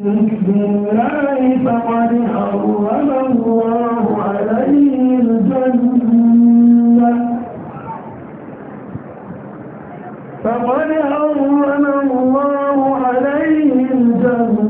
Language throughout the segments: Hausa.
بالله فقد حرم الله عليه الجنة فقد حرم الله عليه الجنة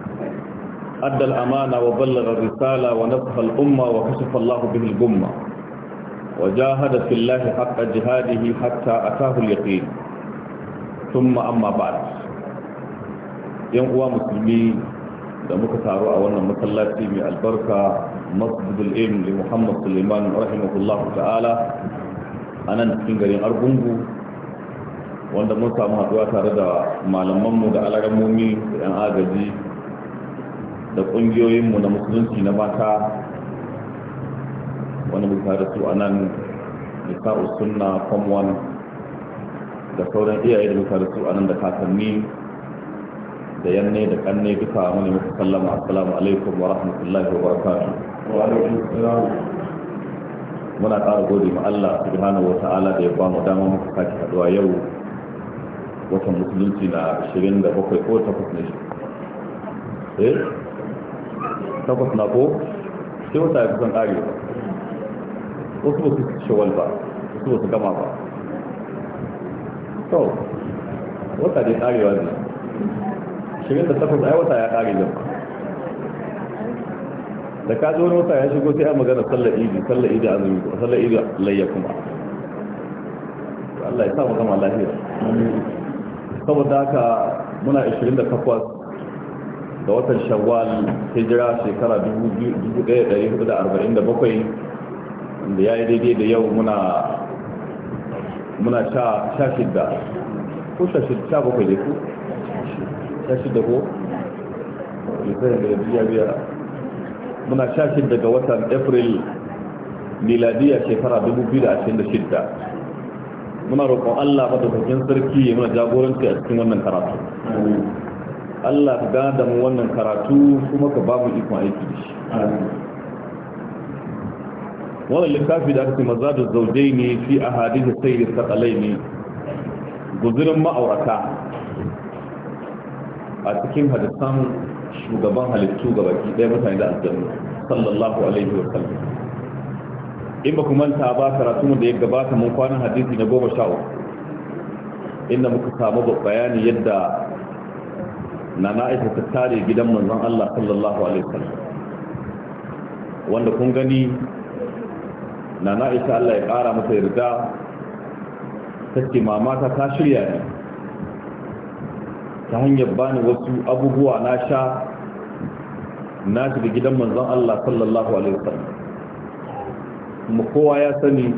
أدى الأمانة وبلغ الرسالة ونصح الأمة وكشف الله به الجمة وجاهد في الله حق جهاده حتى أتاه اليقين ثم أما بعد ينقوى مسلمي da muka taru a wannan masallaci mai albarka masjidul ilm li muhammad suleiman rahimahullahu ta'ala a nan cikin garin argungu wanda mun samu haɗuwa tare da malamanmu da alarammomi da 'yan agaji da ƙungiyoyinmu na musulunci na mata wani muka da su a nan nisa'u sunna form da sauran iyaye da muka da su a nan da kakanni da yanne da kanne duka wani muku sallama assalamu alaikum wa rahmatullahi wa barakatuh muna ƙara gode ma Allah subhanahu wa ta'ala da ya ba mu dama muka kaki haɗuwa yau watan musulunci na 27 ko 8 ne eh? takwas na ko sai wata ya kusan ƙare ba wasu ba su shawal ba wasu ba su gama ba so wata dai ƙarewa ne shirin da takwas ai wata ya ƙare yau da ka zo wata ya shigo sai a magana sallar idi sallar idi azumi sallar idi layya kuma Allah ya sa mu gama lafiya saboda haka muna 28 ga watan shawwal hijira shekara 1447 da ya yi daidai da yau muna sha shidda ko sha shidda bakwai da ku sha shidda ko lisanin da biya biya muna sha shidda ga watan april miladiya shekara 2026 muna roƙon allah madaukakin sarki ya muna jagoranci a cikin wannan karatu Allah ka gana da mu wannan karatu kuma ka ba mu ikon aiki da shi wannan littafi da aka ce maza da ne fi a hadisi sai da sakalai ne guzurin ma'aurata a cikin hadisan shugaban halittu ga baki ɗaya mutane da aljanna sallallahu alaihi wa sallam in ba manta ba karatu da ya gabata mun kwanan hadisi na goma sha uku inda muka samu bayani yadda na na'aisha ta tare gidan manzon Allah sallallahu alaihi wasallam wanda kun gani na na'aisha Allah ya ƙara mata yarda ta ce mamata ta shirya ne ta hanyar bani wasu abubuwa na sha na shiga gidan manzon Allah sallallahu alaihi wasallam kuma kowa ya sani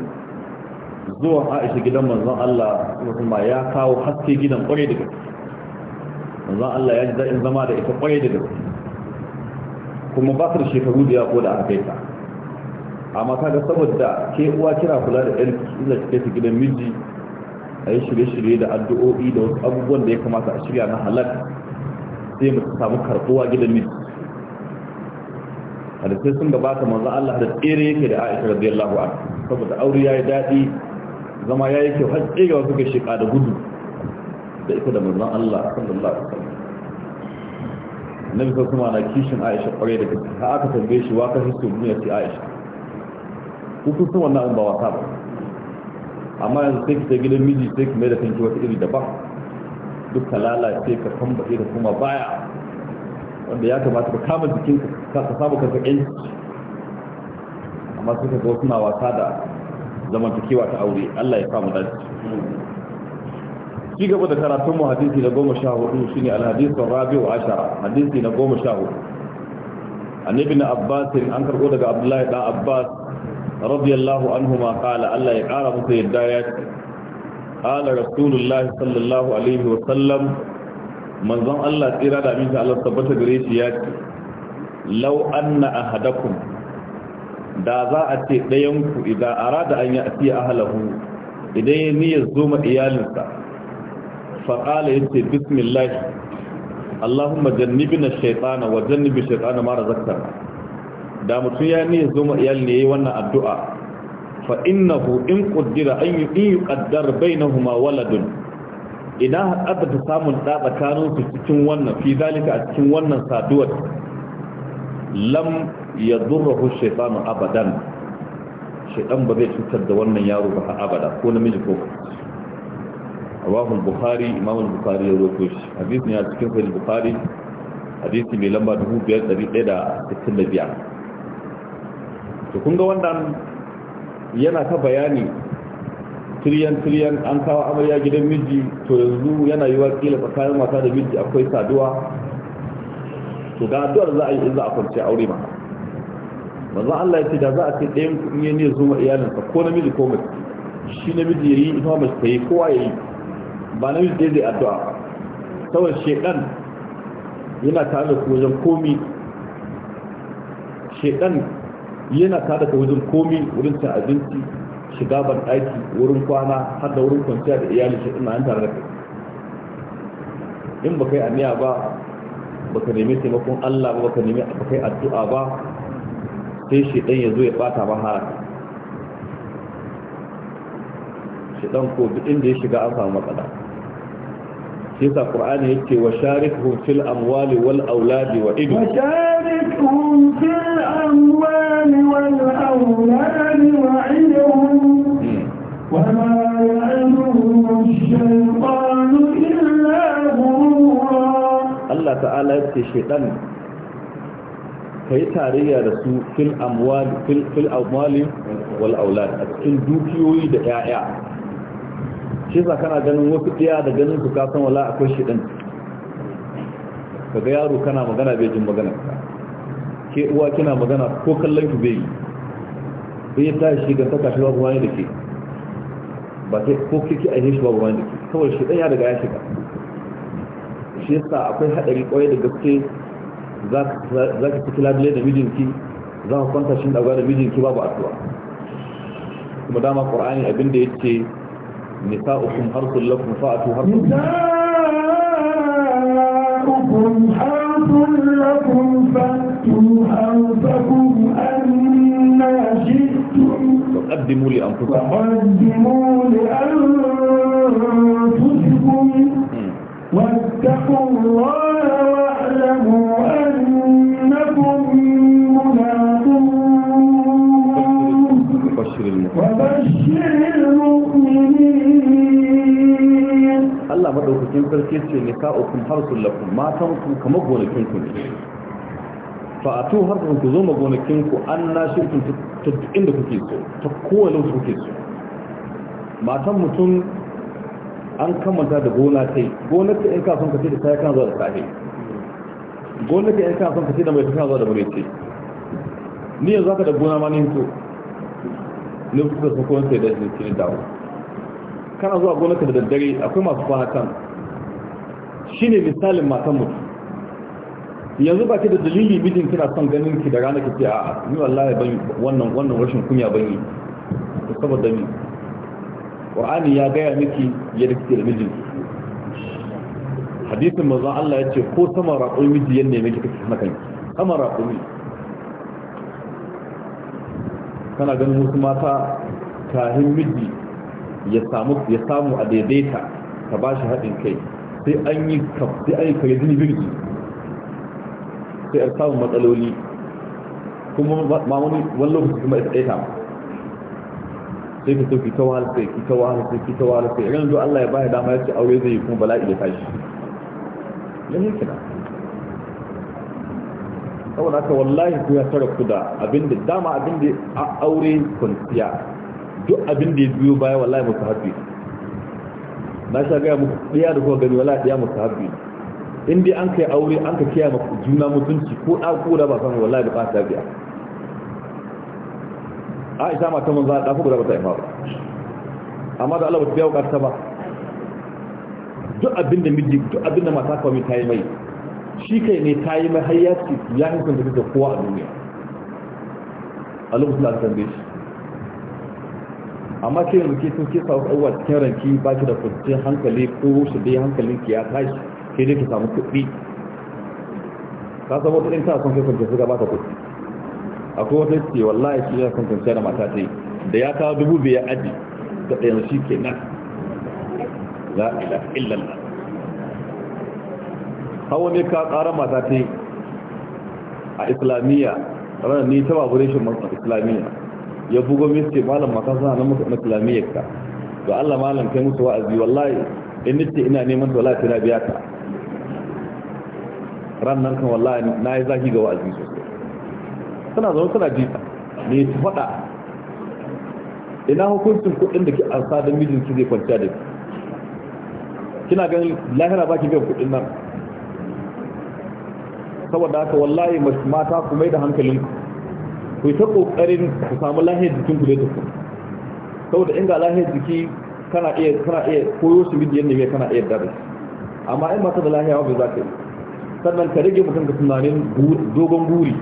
zuwan Aisha gidan manzon Allah ya kawo haske gidan kwarai da gaske Zan Allah ya ji daɗin zama da ita kwaye da dabi kuma ba su da shekaru da ya ko da aka kai ta amma kaga saboda ke uwa kira kula da ɗan illa ke su gidan miji a yi shirye-shirye da addu'o'i da wasu abubuwan da ya kamata a shirya na halar sai mu samu karɓuwa gidan miji a da sai sun gabata manzan Allah da tsere yake da Aisha radiyallahu anhu saboda aure ya yi daɗi zama ya yi kyau har tsere wasu ga shika da gudu da ita da manzon Allah sallallahu alaihi wasallam annabi ko kuma na kishin Aisha kware da gaske ka aka tambaye shi wa ka hisu duniya ce Aisha ku ku so wannan ba wasa ba amma yanzu sai ki ta gidan miji sai ki mai da kanki wata iri daban duk kalala lalace ka tambaye da kuma baya wanda ya kamata ka kama jikinka ka samu kanka yanci amma sai ka go kuma wasa da kiwa ta aure Allah ya samu dace ci gaba da karatun mu hadisi na goma sha hudu shi ne alhadisun rabi wa ashara hadisi na goma sha hudu annabi na abbasin an karɓo daga abdullahi ɗan abbas radiyallahu anhu ma kala allah ya ƙara musu yadda ya ce kala rasulullahi sallallahu alaihi wa sallam manzon allah tsira da aminta allah tabbata gare shi ya ce lau anna ahadakum da za a ce ɗayan ku idan arada an yi a asiya ahalahu idan ya niyyar zo ma iyalinsa faƙala ya ce bismillah allahumma jannibina shaitana wa jannibi shaitana mara zakta da mutum ya ne zo ma iyali ne yi wannan addu'a fa hu, in ƙuddira an yi in yi ƙaddar bai na huma waladun idan haɗa ta samun ɗa tsakanin su cikin wannan fi zalika a cikin wannan saduwar lam ya zurrahu shaitanu abadan shaitan ba zai cutar da wannan yaro ba abada ko namiji ko rawahul Buhari, imam Buhari, ya rawaito shi hadisi ne a cikin sahih bukhari hadisi mai lamba dubu biyar da da da 5165 to kun ga wannan yana ta bayani tiriyan tiriyan an kawo amarya gidan miji to yanzu yana yi yiwa kila tsakanin mata da miji akwai saduwa to ga addu'ar za a yi in za a kwanci aure ma manzon Allah ya ce da za a ce ɗayan kuɗi ne zo iyalinsa ko namiji ko mace shi namiji ya yi, ita mace ta yi kowa ya yi. ba na yadda zai addu'a saboda shekan yana tare da wajen komi shekan yana tare da wajen komi wurin cin abinci shiga ban aiki wurin kwana har da wurin kwanciya da iyali shekan na an tare da kai in ba kai aniya ba ba ka nemi taimakon allah ba ba ka nemi ba kai addu'a ba sai shekan ya zo ya bata ba haraka shekan ko duk inda ya shiga an samu matsala هذا القرآن يكي وشاركهم في الأموال والأولاد وإبن وشاركهم في الأموال والأولاد وإبن وما تعالى الشيطان كي تاريه رسول في الأموال, في الأموال والأولاد في الدوكيوي دقائع shi za kana ganin wasu ɗaya da ganin su kasan wala akwai shi ɗin daga yaro kana magana bai jin magana ka ke uwa kina magana ko kallon ku bai yi ta shi ga ta kashi babu wani da ke ba sai ko kiki a shi babu wani da ke kawai shi ɗan ya daga ya shiga shi yasa akwai haɗari ƙwaye da gaske za ka fitila bile da mijinki za ka kwanta shi da mijinki babu addu'a kuma dama ƙur'ani abinda ya ce نساؤكم حرث لكم فأتوا حرثكم نساؤكم حرث لكم فأتوا حرثكم أنا شئتم تقدموا لأنفسكم تقدموا لأنفسكم واتقوا الله واعلموا أنكم ملاقون بشر المؤمنين madaukakin sarki ce ne har harsun lafun matan ku kamar gonakin ku ne tun har ku zo ma gonakin ku an na shirkin ta inda kuke so ta kowane su kuke so matan mutum an kamanta da gona ta yi gonar ta yanka son kace da ta zuwa da sahi gonar ta yanka son kace da mai tafiya zuwa da mai ce ni yanzu haka da gona ma ne su, ne kuka sun kowanne sai da shi ne dawo kana zuwa gonarka da daddare akwai masu kwana kan shi ne misalin matan mutu yanzu ba ki da dalili mijin kina son ganin ki da rana ki ce a ni wallahi ban wannan wannan rashin kunya ban yi saboda ni qur'ani ya gaya miki yadda kike da mijin hadisin manzo Allah ya ce ko sama raƙon miji ya miki kike na kanki sama raƙon kana ganin wasu mata tahin miji ya samu ya samu a daidaita ka ba shi haɗin kai sai an yi sai an yi kare zini birgi sai an samu matsaloli kuma ma wani wani lokaci kuma ita ɗaya ma sai ka tafi ki ta wahala sai ki ta wahala sai ki ta sai Allah ya baya dama ya ce aure zai yi kuma bala'i ya tashi yanzu kina saboda haka wallahi ku ya sarrafu da abinda dama abinda a aure kwanciya duk abin da ya biyo baya wallahi musu haɓe na sha gaya muku ɗaya da kuma gani wallahi ɗaya musu haɓe in dai an kai aure an ka kiyaye maka juna mutunci ko ɗa ko da ba san wallahi da ba ta biya a isa ta mun za a ɗafi guda ba ta yi ba amma da Allah ba ta biya bukatar ba duk abin da miji duk abin da mata kwami ta yi mai shi kai ne ta yi mai har ya ce ya hankunta da kowa a duniya a lokacin da aka tambaye shi amma ke yanzu ke sun ke samu abubuwa cikin ranki ba ki da kwanciyar hankali ko shi dai hankalin ki ya tashi ke dai ki samu kuɗi ka san wata ta son kai kwanciyar suka ba ta kuɗi ko wata ce wallahi shi ya son kwanciyar da mata ta yi da ya kawo dubu biyar aji da ɗayan shi ke nan a ila illallah hawa ne ka tsara mata ta yi a islamiyya ranar ni ta babu masu islamiyya ya bugo min ce malam mata a nan musu na islamiyyar ka to Allah malam kai musu wa'azi wallahi in nace ina neman ta wallahi na biya ta ran nan kan wallahi na yi zaki ga wa'azi sosai suna zaune suna jita ne ta faɗa ina hukuncin kuɗin da ke ansa don mijinki zai kwanciya da ki kina ganin lahira ba ki biyan kudin nan saboda haka wallahi mata ku mai da hankalinku ku ta kokarin ku samu lahiyar jikin ku da ta saboda in ga lahiyar jiki kana iya kana iya koyo shi bidiyar ne kana iya dare amma in ba ta da lahiya ba za ka yi sannan ka rage mutum ka tunanin dogon guri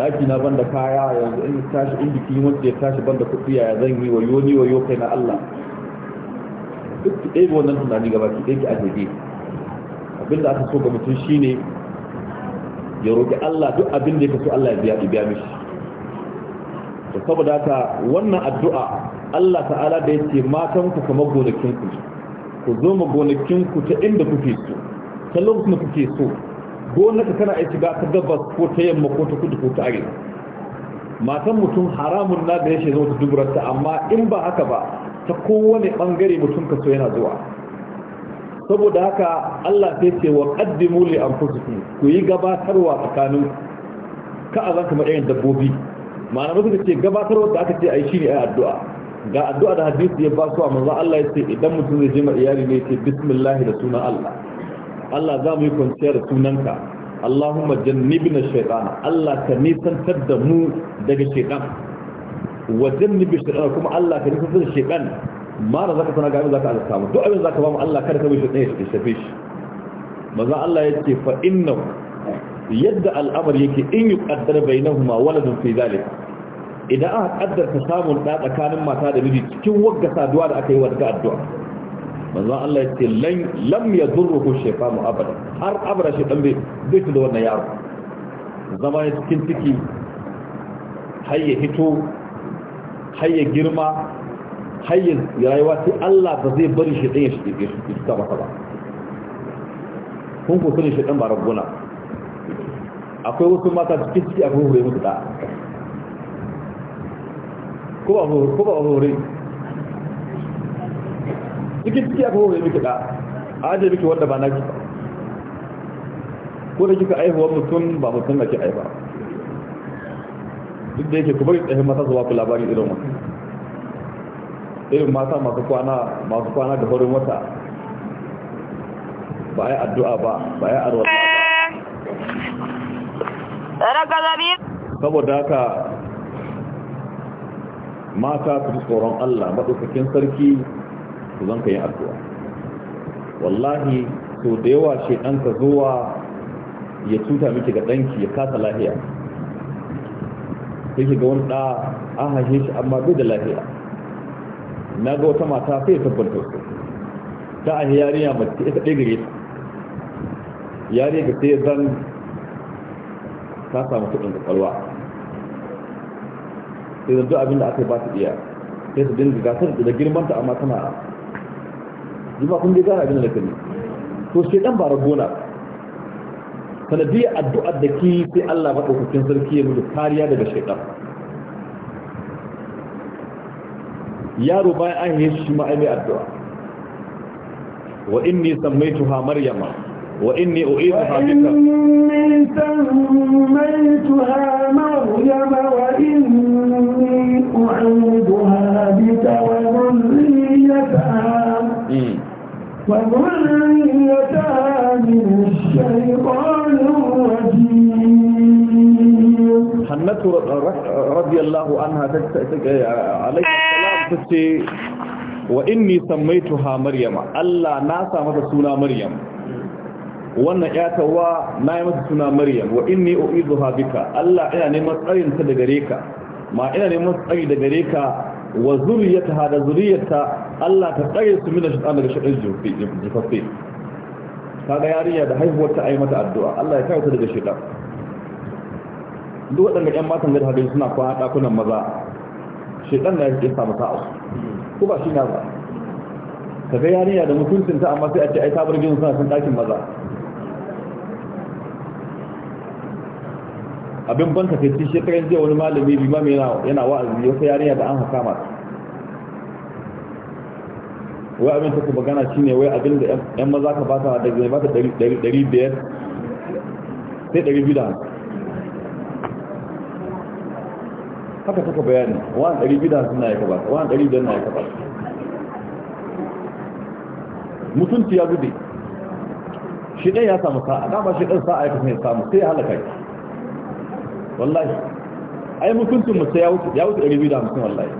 daki na banda kaya yanzu in tashi in jiki wanda ya tashi banda kuɗi ya zan yi wa yoni wa kai na Allah duk ki ɗaya wannan tunani gaba ki ɗaya ki Abin abinda aka so ga mutum shine ya roƙi Allah duk abin da ya kaso Allah ya biya biya mishi to saboda haka wannan addu'a Allah ta'ala da yake matan ku kamar gonakin ku ku zo mu gonakin ku ta inda kuke so ta lokacin da kuke so gonaka kana iya shiga ta gabas ko ta yamma ko ta kudu ko ta arewa matan mutum haramun na da ya shi zama ta duburarta amma in ba haka ba ta kowane bangare mutum ka so yana zuwa saboda haka Allah sai ce wa qaddimu li anfusikum ku yi gabatarwa tsakanin ka azan kamar irin dabbobi malamai suka ce gabatar da aka ce a yi shi ne a addu'a ga addu'a da hadisi ya ba su a maza Allah ya ce idan mutum zai je ma iyali ne ce bismillah da sunan Allah Allah za mu yi kwanciyar da sunanka Allahumma jannibna shaytana Allah ka nisantar da mu daga shaytan wa jannibi shaytana kuma Allah ka nisantar da shaytan ma da zaka tana ga abin zaka azaka duk abin zaka ba mu Allah kada ka bi shaytan ya shafe shi manzan Allah ya ce fa innahu yadda al'amar yake in yi ƙaddar bai na huma waladun fi zalik idan aka ƙaddarta samun ɗa tsakanin mata da miji cikin wagga saduwa da aka yi wadda addu'a manzo Allah ya ce lam ya zurruhu shaytanu abada har abada shaytan bai bai da wannan yaro zama ya cikin ciki har ya hito har ya girma har ya rayuwa sai Allah ba zai bari shi shaytan ya shige shi ta ba kun ko shi shaytan ba rabbuna akwai wasu mata cikin ciki a hure musu da ko ba hure cikin ciki a hure musu da a ajiye miki wanda ba na ki ko da kika aihuwar mutum ba mutum na ke aiba duk da yake kuma yi tsayin mata zuwa ku labari irin wasu irin mata masu kwana masu kwana da horin wata ba a yi addu'a ba ba a yi arwata saboda haka mata su ji tsoron Allah maɗaukakin sarki su zanka yin addu'a wallahi so da yawa shi ɗanka zuwa ya cuta miki ga ɗanki ya kasa lahiya sai ga wani ɗa an haife shi amma bai da lahiya na ga wata mata sai ya tabbata su ta a yariya mace ita ɗaya gare ta yariya ga sai zan ka samu kuɗin kwakwalwa sai zanzu abin da aka ba su iya sai su dinga gasar da girman ta amma tana ba kun je gane abin da kani to shi dan bara gona sanadiyar addu'ar da ki sai Allah ba ɗaukakin sarki ya mutu kariya daga shaitan yaro bayan an yi shi ma'aimai addu'a wa inni sammaituha maryama وإني أعيدها بك وإني سميتها مريم وإني أعيدها بك وذريتها وذريتها من الشيطان الرجيم حنة رضي الله عنها عليه السلام تسي وإني سميتها مريم ألا ناسا مثل مريم wannan ya na yi masa suna maryam wa inni u'izuha bika Allah ina neman tsarin ta da gare ka ma ina neman tsari da gare ka wa ha da zuriyarta Allah ta tsare su shi shaitan daga shaitan jifaffe ga yarinya da haihuwar ta aimata mata addu'a Allah ya kare ta daga shaitan duk waɗanda ƴan matan da hadin suna kwana ɗakunan maza shaitan na yake samu sa'a ko ba shi na ba kaga yarinya da mutuncinta amma sai a ce ai sabar bar gidan suna cikin ɗakin maza abin banka sai ci shekaran jiya wani malami mena yana wa'azi sai yariya da an haka masu wai abin ta kuma gana shine wai abin da yan maza ka bata da zai bata ɗari biyar sai ɗari biyu da hannu haka taka bayani wa'an ɗari biyu da hannu na ya kaba wa'an ɗari biyar na ya kaba mutunci ya gudu shi ɗaya ya samu sa'a dama shi ɗan sa'a ya kasance samu sai ya halaka shi wallahi ai mutuncin mace ya wuce ya wuce 250 wallahi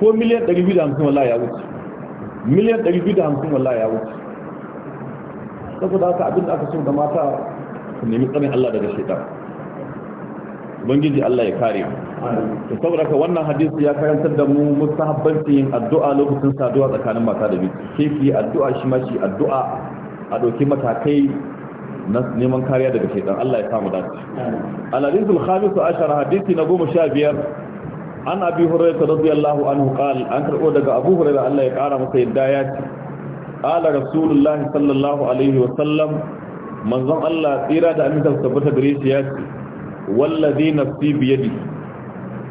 ko miliyan 250 wallahi ya wuce miliyan 250 wallahi ya wuce saboda haka abin da aka so ga mata su nemi tsarin Allah daga shaitan ubangiji Allah ya kare to saboda haka wannan hadisi ya karantar da mu mustahabbancin addu'a lokacin saduwa tsakanin mata da miji sai ki addu'a shi ma shi addu'a a doki matakai neman kariya daga shaitan Allah ya samu dace al-hadith al-khamis ashar hadisi na sha biyar. an abi hurairah radiyallahu anhu qal an karbo daga abu hurairah Allah ya kara masa yadda ya ce qala rasulullah sallallahu alaihi wa sallam manzon Allah tsira da aminta tabbata gare shi ya ce wallazi nafsi bi yadi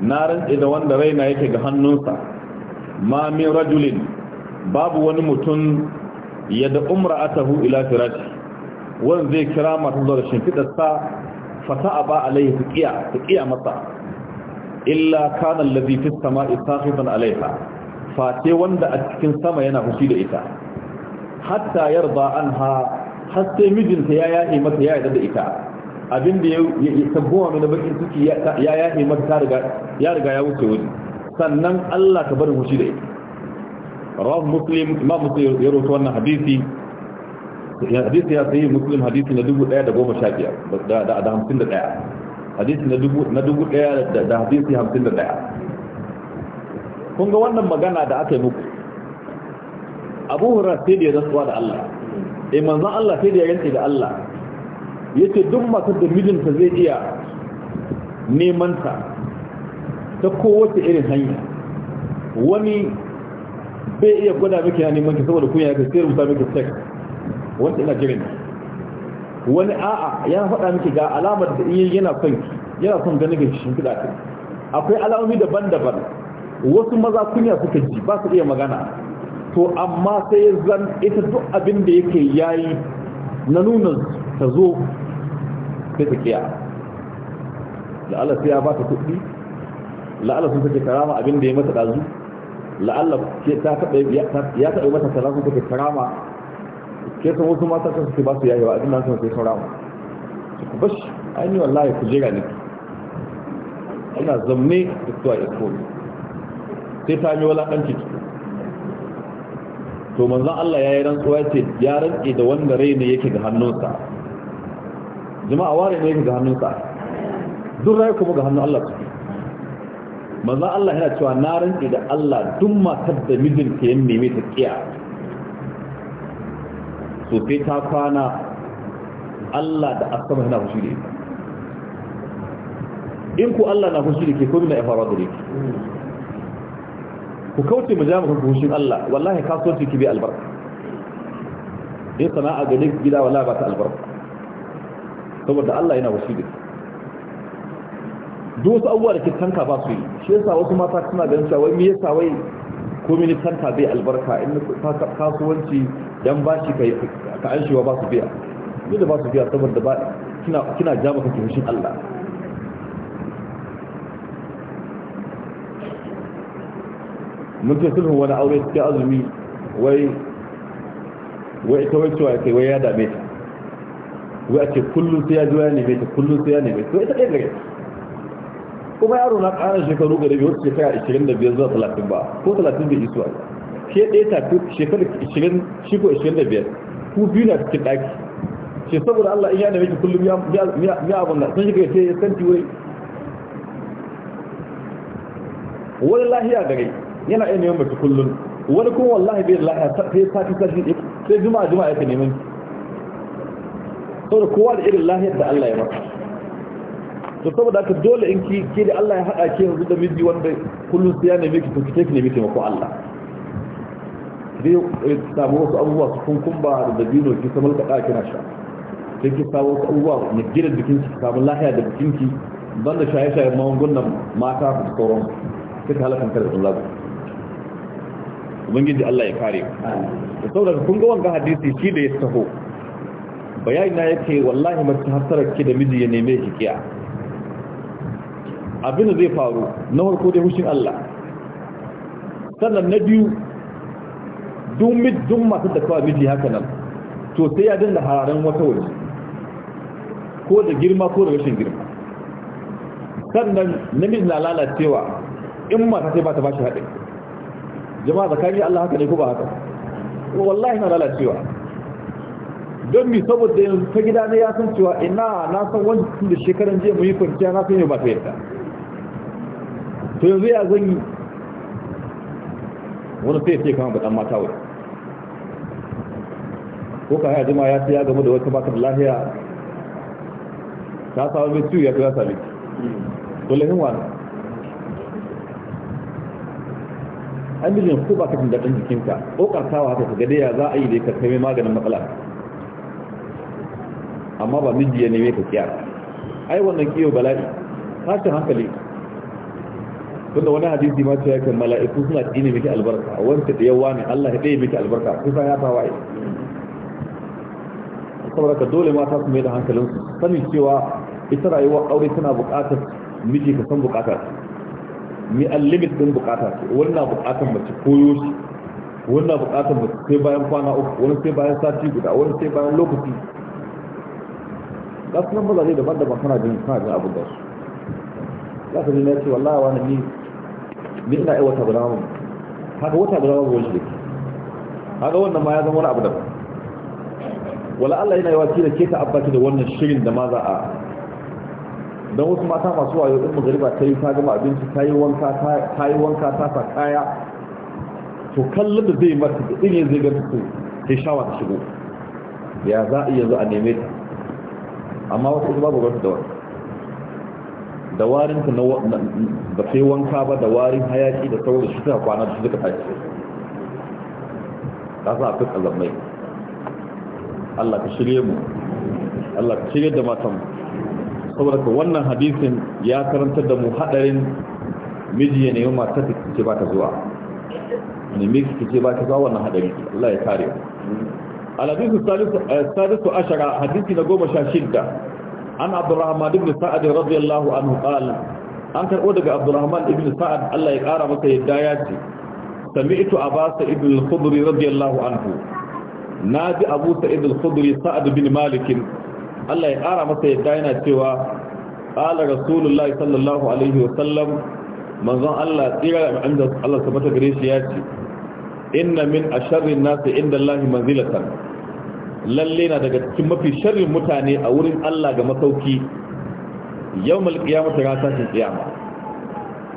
na rantsa da wanda raina yake ga hannunsa ma min rajulin babu wani mutum yadda umra atahu ila firashi wannan zai kira masu zuwa da shimfiɗarsa fata a ba alaihi su ƙiya su ƙiya masa illa kanan lazifin sama isafifan alaiha fate wanda a cikin sama yana fushi da ita hatta yarda an ha har sai mijinta ya yahe mata ya yarda da ita Abinda da ya tabbuwa mai bakin suke ya yahe mata ya riga ya wuce wuri sannan Allah ka bari fushi da ita rawu muslim imam muslim ya rawaito wannan hadisi hadisi ya sayi muslim hadisi na dubu ɗaya da goma sha biyar da hamsin da ɗaya hadisi na dubu ɗaya da hadisi hamsin da ɗaya kun ga wannan magana da aka yi muku abu hura sai da ya rasuwa da Allah e eh, manzan Allah sai da ya yanke da Allah ya ce duk masu da mijinta zai iya neman ta ta kowace irin hanya wani bai iya gwada miki na neman ki saboda kunya ya ka sai rubuta miki sex wanda ina jirin wani a'a ya faɗa miki ga alamar da yana son yana son ganin ga shimfiɗa kuɗa akwai alamomi daban-daban wasu maza kunya suka ji ba su iya magana to amma sai zan ita duk abin da yake yayi na nunan ta zo sai ta kiya la'alla sai ya ba ta kuɗi la'alla sun take karama abin da ya mata ɗazu la'alla ya taɓa mata karama sun take karama ke san wasu mata kan su ba su yayi ba abin nan sun sai saura mu ku bashi ai ni wallahi ku jira ni ina zamme da tuwa ya ko sai ta mi wala kan ciki to manzon Allah yayi rantsuwa ce ya rantsi da wanda raina yake ga hannunsa jama'a ware ne yake ga hannunsa duk rai kuma ga hannun Allah suke manzon Allah yana cewa na rantsi da Allah duk matar da mijinta ya neme ta kiyaye to sai ta kwana Allah da asama yana fushi da ita in ku Allah na fushi da ke komi na ya faru da ke ku kauce mu jami'in ku fushin Allah wallahi kasuwanci ki bai albarka in sana'a gane gida wallahi ba ta albarka saboda Allah yana fushi da duk wasu abubuwa da ke tanka ba su yi shi yasa wasu mata suna ganin cewa wai me yasa wai ko ministanta bai albarka in kasuwanci don ba shi ka an wa ba su biya ne da ba su biya saboda ba kina ja maka kimishin Allah mun ce sulhun wani aure cikin azumi wai wai ita wai cewa kai wai ya dame ta wai a ce kullum sai ya zuwa ya neme ta kullum sai ya neme ta wai ita ɗaya gare kuma yaro na ƙara shekaru biyu ga rabi ishirin da biyar zuwa talatin ba ko talatin da isuwa ke ɗaya ta Shekaru ishirin shi ko biyar ku biyu na cikin ɗaki ce saboda Allah in yana miki kullum ya abin da sun shiga ya santi wai wani lahiya gare yana iya neman mace kullum wani kuma wallahi bai lahiya sai sati sati sai juma'a juma'a ya ka neman saboda kowa da irin lahiyar da Allah ya maka to saboda ka dole in ki ke da Allah ya haɗa ki yanzu da miji wanda kullum sai ya nemi to ki take nemi taimako Allah dai samu wasu abubuwa su kun ba da dabino ki samu kaɗa kina sha sai ki samu wasu abubuwa ne gida da kinki samu lahiya da jikin ki don da shaye-shaye magungunan mata su sauran sai ka halaka kar da tsallabu da Allah ya kare to saboda kun ga wanga hadisi shi da ya taho bayani na yake wallahi mace hasarar ki da miji ya neme ki kiya abin da zai faru na farko da hushin Allah sannan na biyu dun masu da kawai miji haka nan to sai ya dinda hararen wata waje ko da girma ko da rashin girma sannan namiji na lalacewa in mata sai ba ta bashi haɗe. jama'a zakari Allah haka ne ko ba haka wallahi na lalacewa don mi saboda yanzu ta gida ne ya san cewa ina na san wancan da shekaran jiya mu yi kwanciya na san yau ba ta yadda to yanzu ya zan yi wani fai fai kama baɗan mata wai ko ka haya jima ya fi ya gama da wata bakar lahiya ta samu mai ciwo ya ya sami to lahin wani an bijin ko ba ka jin daɗin jikinka karsawa haka ka gade ya za a yi da ya kai maganin matsala amma ba miji ya neme ka kiyar ai wannan kiyo bala'i tashin hankali tunda wani hadisi ma cewa kan mala'iku suna tsine miki albarka wanda da yawa ne Allah ya dai miki albarka kusa ya tawaye saboda ka dole mata su mai da hankalin su sani cewa ita rayuwa aure tana buƙatar miji ka san buƙatar mi unlimited din buƙata ce wannan buƙatar mace koyo shi wannan buƙatar mace sai bayan kwana uku wani sai bayan sati guda wani sai bayan lokaci gasu nan mazaje daban-daban suna jin abin da su za ka ji na ce wallahi wani ni bin da wata guda mun. haka wata guda mu wani haka wannan ma ya zama wani abu daban wala Allah yana yawa kila ke ta abbaki da wannan shirin da ma za a don wasu mata masu wayo din magariba ta yi ta gama abinci ta yi wanka ta yi wanka ta sa kaya to kallon da zai mata da irin zai ganta su sai shawa ta shigo ya za a iya zo a neme ta amma wasu babu gwamnati da wani da warin na da sai wanka ba da warin hayaki da sauran shi ta kwana da shi suka tashi ta sa akwai kalamai Allah ka shirye mu Allah ka shirye da matan saboda ka wannan hadisin ya karanta da mu hadarin miji ya nemi matar ta ce ba ta zuwa nemi ki ce ba ta zuwa wannan hadari Allah ya kare mu al-hadithu salisu eh, ashara hadithi na goma sha shidda an abdurrahman ibn sa'ad radiyallahu anhu qala an karbo daga abdurrahman ibn sa'ad Allah ya kara masa yadda ya ce sami'tu abas ibn al-khudri radiyallahu anhu naji abu sa'id al-khudri sa'ad bin malik Allah ya kara masa yadda yana cewa qala rasulullahi sallallahu alaihi wa sallam manzon Allah tsira da Allah subhanahu wa ta'ala ya ce inna min asharri an-nasi inda Allah manzilatan lalle na daga cikin mafi sharrin mutane a wurin Allah ga masauki yawmal qiyamati ran tashin kiyama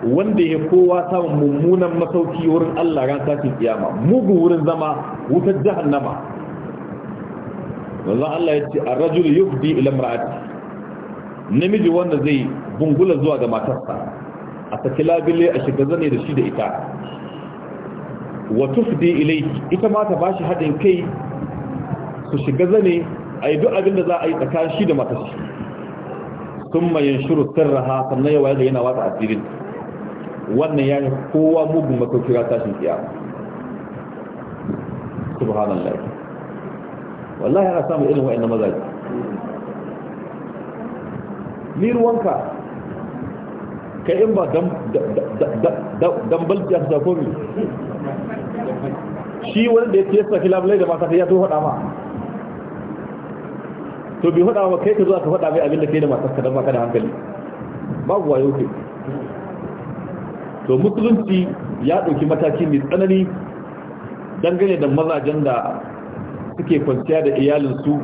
wanda ya kowa samun mummunan masauki wurin Allah ran tashin kiyama mugu wurin zama wutar jahannama wallan Allah ya ce ar-rajul yufdi ila imra'ati namiji wanda zai bungula zuwa ga matarsa a saki labile a shiga zane da shi da ita wa tufdi ilayhi ita ma ta bashi hadin kai su shiga zane a yi duk abin da za a yi tsakanin shi da matashi sun mayin shiru sirraha sannan yawa yadda yana wata asirin wannan ya yi kowa mugun makaukira tashin kiyama subhanallah wallahi ana samun irin wa'in na mazaji ni ruwanka ka in ba dambalci a jakomi shi wani da ya fiye sa filamlai da mata ya to faɗa ma to bai faɗa wa kai ka zo ka fada mai abin da kai da masu don baka da hankali babu wayo ke to musulunci ya ɗauki mataki mai tsanani dangane da mazajen da suke kwanciya da iyalinsu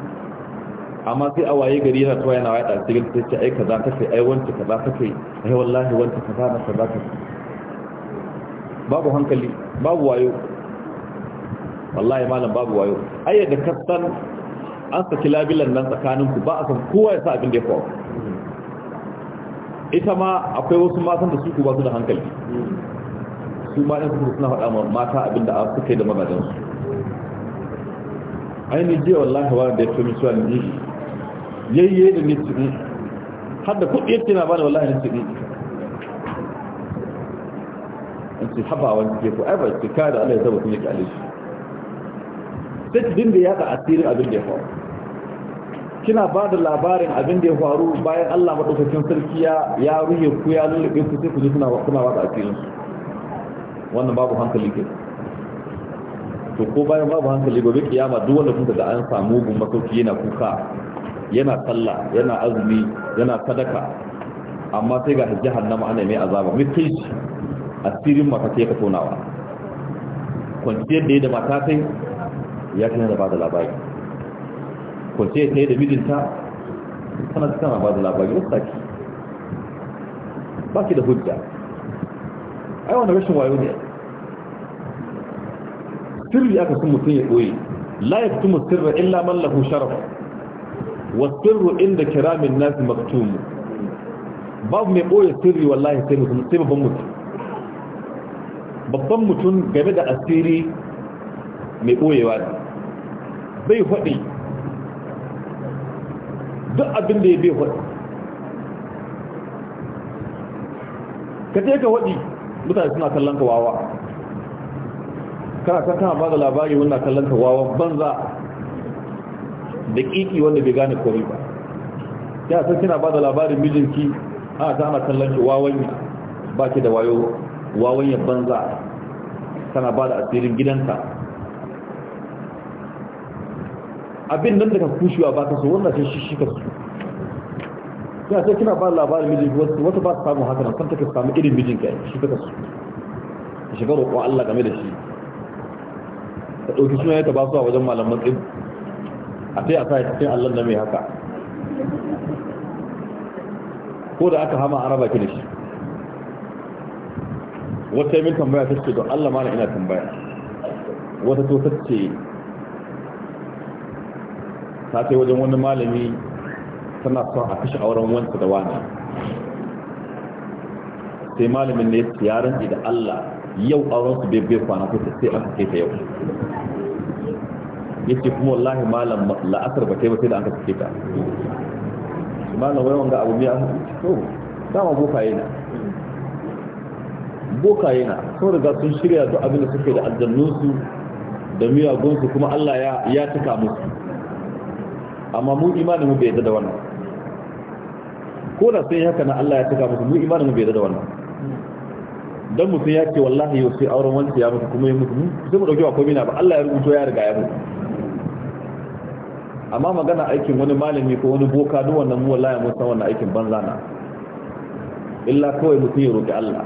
amma sai a waye gari yana tuwa yana waɗa cikin ta ce ai kaza kace ai wanta kaza kace ai wallahi wanta kaza na kaza kace babu hankali babu wayo wallahi malam babu wayo ai da kasan an saki labilan nan tsakaninku ba a san kowa ya sa abin da ya faru ita ma akwai wasu matan da su ku ba su da hankali su ma yan suna faɗa ma mata abin da suka yi da mazajensu ainihin jiya wallahi wani da ya fi suwa ne yayye da ne cikin har da kuɗi yake na bada wallahi ne cikin in ce haɓa a wani gefe ai ba ce kada Allah ya zaba sun yake alishi sai dinda ya ga asirin abin da ya faru kina ba da labarin abin da ya faru bayan Allah maɗaukacin sarki ya ruhe ku ya lullube ku sai ku ji suna watsa asirin wannan babu hankali ke to ko bayan babu hankali gobe kiyama duk wanda kun da an samu gun masauki yana kuka yana sallah yana azumi yana sadaka amma sai ga jahannama ana mai azaba mai shi asirin mata sai ka tonawa kwanciyar da ya da mata sai ya kina da ba da labari kwance ta yi da mijinta tana tana ba da labari wasu taki ba ki da hujja ai wani rashin wayo ne sirri aka sun mutum ya ɓoye la ya fito sirra illa man lahu sharaf wasirru inda kiramin nasi maktumu babu mai ɓoye sirri wallahi sai mutum sai babban mutum babban mutum game da asiri mai ɓoyewa ne bai faɗi duk abin da ya bai hudu ka ka waɗi mutane suna kallon ka wawa kana kankan kana ba da labari wanda kallon ka wawa banza da kiki wanda bai gane kori ba ya san kina ba da labarin mijinki ana ta ana kallon ki wawan ba ke da wayo wawan ya banza kana ba da asirin gidanta. abin nan da ka kushewa ba ka so wannan sai shi shi ka so sai kina ba labarin miji wata ba su samu haka nan kanta ka samu irin mijin ka shi ka su. ka shiga roƙo Allah game da shi ka ɗauki suna ya taba zuwa wajen malaman tsib a sai a sa ya cikin Allah na mai haka ko da aka hama araba ki da shi wata yamin tambaya ta ce don Allah ma na ina tambaya wata to ta ce ta kai wajen wani malami tana son a kashe auren wanta da wani sai malamin ne ya rantsi da Allah yau auren su bebe kwana ko sai aka kai ta yau ce kuma wallahi malam la'asar ba kai ba sai da aka kai ta malam wani wanga abu biya to dama bokaye na bokaye na sun riga sun shirya su abin da suke da aljannunsu da miyagunsu kuma Allah ya cika musu amma mu imanin mu bai yadda da wannan ko da sai haka na Allah ya tuka musu mu imanin mu bai yadda da wannan dan mu sai yake wallahi yau sai auren wanda ya mutu kuma ya mutu sai mu dauki akwai mina ba Allah ya rubuto ya riga ya mutu amma magana aikin wani malami ko wani boka duk wannan mu wallahi mun san wannan aikin banza na illa kawai mutum ya roki Allah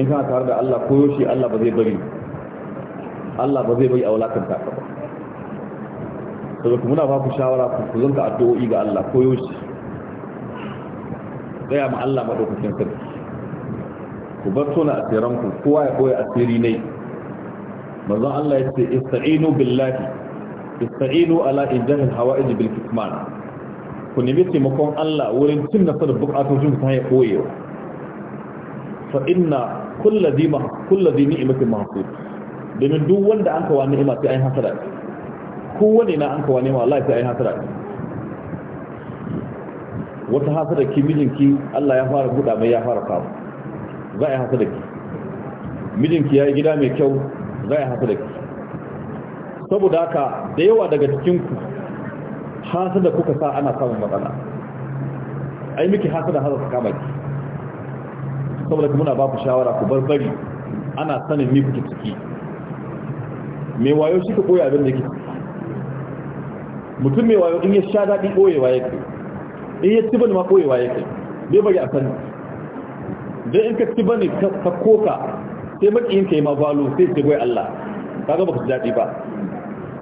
in kana tare da Allah koyo shi Allah ba zai bari Allah ba zai bari a wulakanta ka ba daga kuma na ba ku shawara ku zanka addu'o'i ga Allah ko yaushe gaya ma Allah madaukakin sarki ku bar tona asiran ku kowa ya koya asiri ne manzon Allah ya ce ista'inu billahi ista'inu ala ijahil hawa'ij bil kitman ku nemi taimakon Allah wurin cin nasarar bukatocin ta ya koyewa fa inna kullu dhima kullu dhini imatin mahsud domin duk wanda an kawo ni'ima sai an hasara kowane na an kawo nema Allah ya yi hasara wata hasara ki mijinki Allah ya fara buɗa mai ya fara kawo za a yi hasara ki mijinki ya yi gida mai kyau za a yi hasara ki saboda haka da yawa daga cikinku hasara kuka sa ana samun matsala ai miki hasara hasara ta kama ki saboda kuma muna ba ku shawara ku bar ana sanin ni kuke ciki me wayo shi ka koya abin da ciki mutum mai wayo in ya sha daɗi ɓoyewa ya kai in ya ci bane ma ɓoyewa ya kai bai bari a sani don in ka ci bane ka koka sai makiyin ka yi ma sai ce gwai Allah ka ga ka ji daɗi ba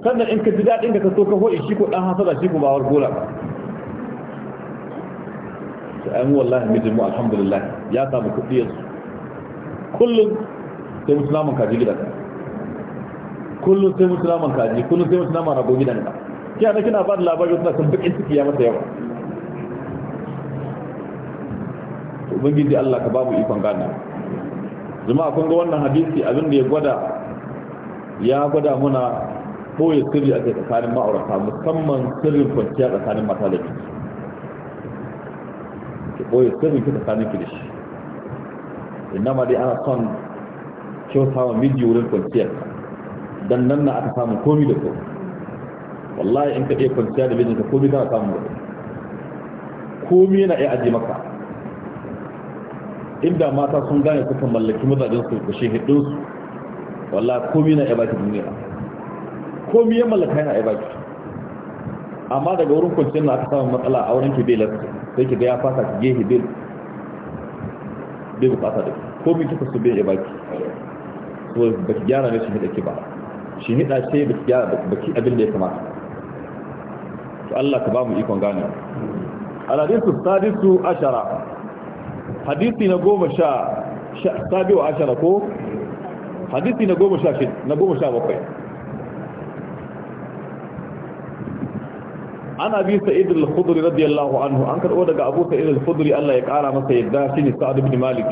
sannan in ka ji daɗin ka so ka hoɗe shi ko ɗan hasara, shi ko ba war gola ba sai mu wallahi mijin alhamdulillah ya samu kuɗi yanzu kullum sai mutu naman kaji gidanka kullum sai mutu naman kaji kullum sai mutu naman rago gidanka na kina ba da labarin suna kan bukin suke ya masa yawa da Allah ka ba mu ikon gane jama'a kun ga wannan hadisi abin da ya gwada ya gwada muna ya sirri a tsakanin ma'aurata musamman sirrin kwanciya tsakanin mata da ko ki boye sirrin ki tsakanin ki da shi ma dai ana son kyautawa miji wurin kwanciyar dan nan na aka samu komi da komi wallahi in ka iya kwanciya da mijinka komi kana samun wata komi na iya aji maka inda mata sun gane suka mallaki mazajensu da shehidinsu wallahi komi na iya baki duniya komi ya mallaka yana iya baki amma daga wurin kwanciyar na aka samun matsala a wurin ki belar sai ki ga ya fasa ki gehe bil bai bukata da komi kika su bai iya baki so ba ki gyara ne shi hida ki ba shi hida ce ba ki ba ki abin da ya kamata Allah ka ba mu ikon gane Aladisu sadisu ashara hadisi na goma sha sabi wa ashara ko hadisi na goma sha shi na goma sha bakwai ana bi sa'id al al-Khuduri radiyallahu anhu an karbo daga abu sa'id al al-Khuduri Allah ya kara masa yadda ne Sa’ad ibn malik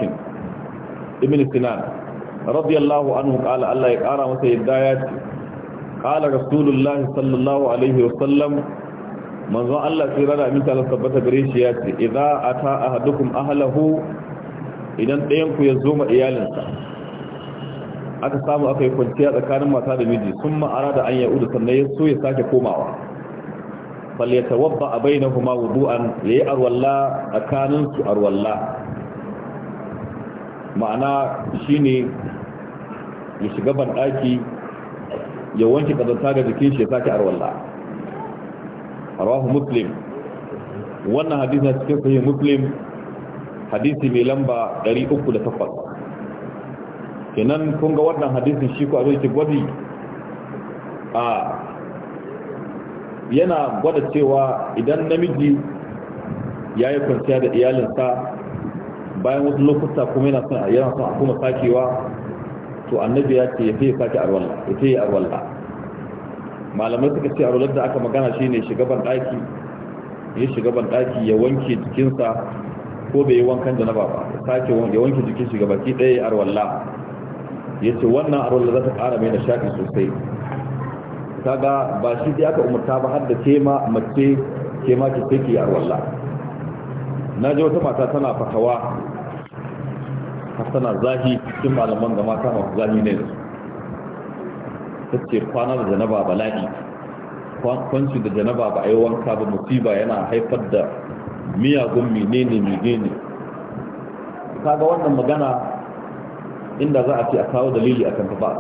ibn sinan radiyallahu anhu ƙala Allah ya kara masa yadda ya ce Ƙala rasulullahi sallallahu alaihi wasallam manzon Allah sai rana min ta tabbata gare shi ya ce idza ata ahadukum ahlahu idan ɗayan ku ya zo ma iyalinsa aka samu aka yi kwanciya tsakanin mata da miji sun ma'ara da an ya'udu sannan ya so ya sake komawa fal ya tawabba a bainahuma wudu'an yayi arwalla kanin su arwalla ma'ana shine ya shiga banɗaki ya wanke kazanta ga jikin shi ya sake arwalla rawahu muslim wannan hadisi na cikin sahih muslim hadisi mai lamba 308 kenan kun ga wannan hadisin shi ko abin ke gwadi a yana gwada cewa idan namiji ya yi kwanciya da iyalinsa bayan wasu lokuta kuma yana son a kuma sakewa to annabi ya ce ya fiye sake arwalla ya fiye arwalla malamai suka ce a da aka magana shi ne shiga ɗaki ya shigaban ɗaki ya wanke jikinsa ko bai yi wankan janaba ba sake ya wanke jikin shiga baki ɗaya arwalla ya ce wannan arwalla za ta ƙara mai nishaɗi sosai kaga ba shi dai aka umarta ba har da kema mace kema ki take arwalla na ji wata mata tana fatawa har tana zahi cikin malaman da mata masu zahi ne da su ta ce kwana da janaba bala'i kwanci da janaba ba a yi wanka ba musiba yana haifar da miyagun menene menene ga wannan magana inda za a ce a kawo dalili akan ta ba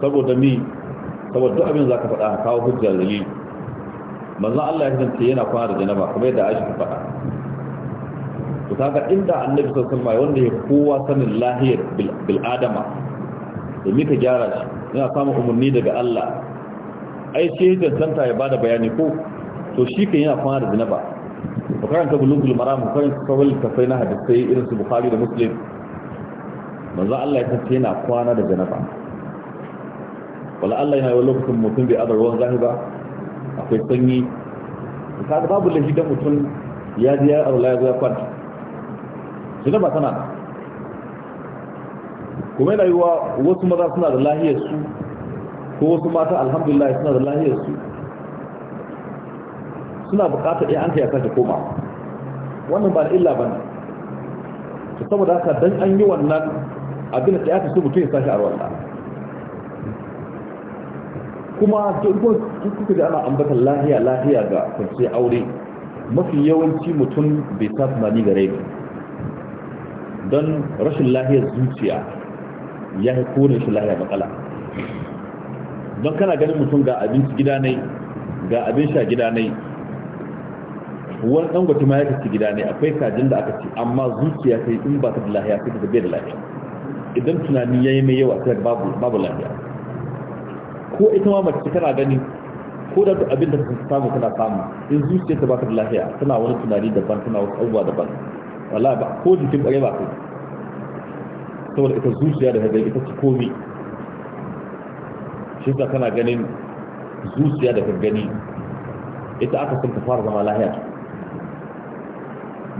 saboda ni saboda duk abin za ka faɗa a kawo hujjar dalili manzan Allah ya kasance yana kwana da janaba kuma yadda Aisha ta faɗa Kusa kaga inda annabi sallallahu alaihi wasallam wanda ya kowa sanin lahiyar biladama da domin ka gyara shi yana samun umarni daga Allah ai shi da santa ya bada bayani ko to shi kan yana kwana da zinaba ba karanta bulugul maram ko karanta kawai kafai na hadisai irin su bukhari da muslim manzo Allah ya tace yana kwana da zinaba wala Allah yana wani lokacin mutum bai adar ruwan zahiba akwai sanyi kaga babu lahi da mutum ya ji a Allah ya zo kwanta shiga ba tana da kuma yana wa wasu maza suna da lahiyar su ko wasu mata alhamdulillah suna da lahiyar su suna bukatar iya an ka yasa ta koma wannan ba da illa ba ne ta saboda haka don an yi wannan abin da ya fi so mutum ya sashi a ruwan kuma duk kuka da ana ambatan lahiya lahiya ga kwanciyar aure mafi yawanci mutum bai sa tunani gare ne don rashin lahiyar zuciya ya fi kone rashin lahiyar matsala don kana ganin mutum ga abinci gida ne ga abin sha gida ne wani ɗan gwata ma ya kaci gida ne akwai kajin da aka ci amma zuciya ta yi in ba ta da lahiya sai ta bai da lahiya idan tunani ya yi mai yawa ta babu babu lahiya ko ita ma mace kana gani ko da abin da ta samu tana samu in zuciya ta ba ta da lahiya tana wani tunani daban tana wasu abubuwa daban wala ba ko jikin kware ba kai saboda ita zuciya da hadari ita ci komi shi ta kana ganin zuciya da ka gani ita aka sun ta fara zama lahiya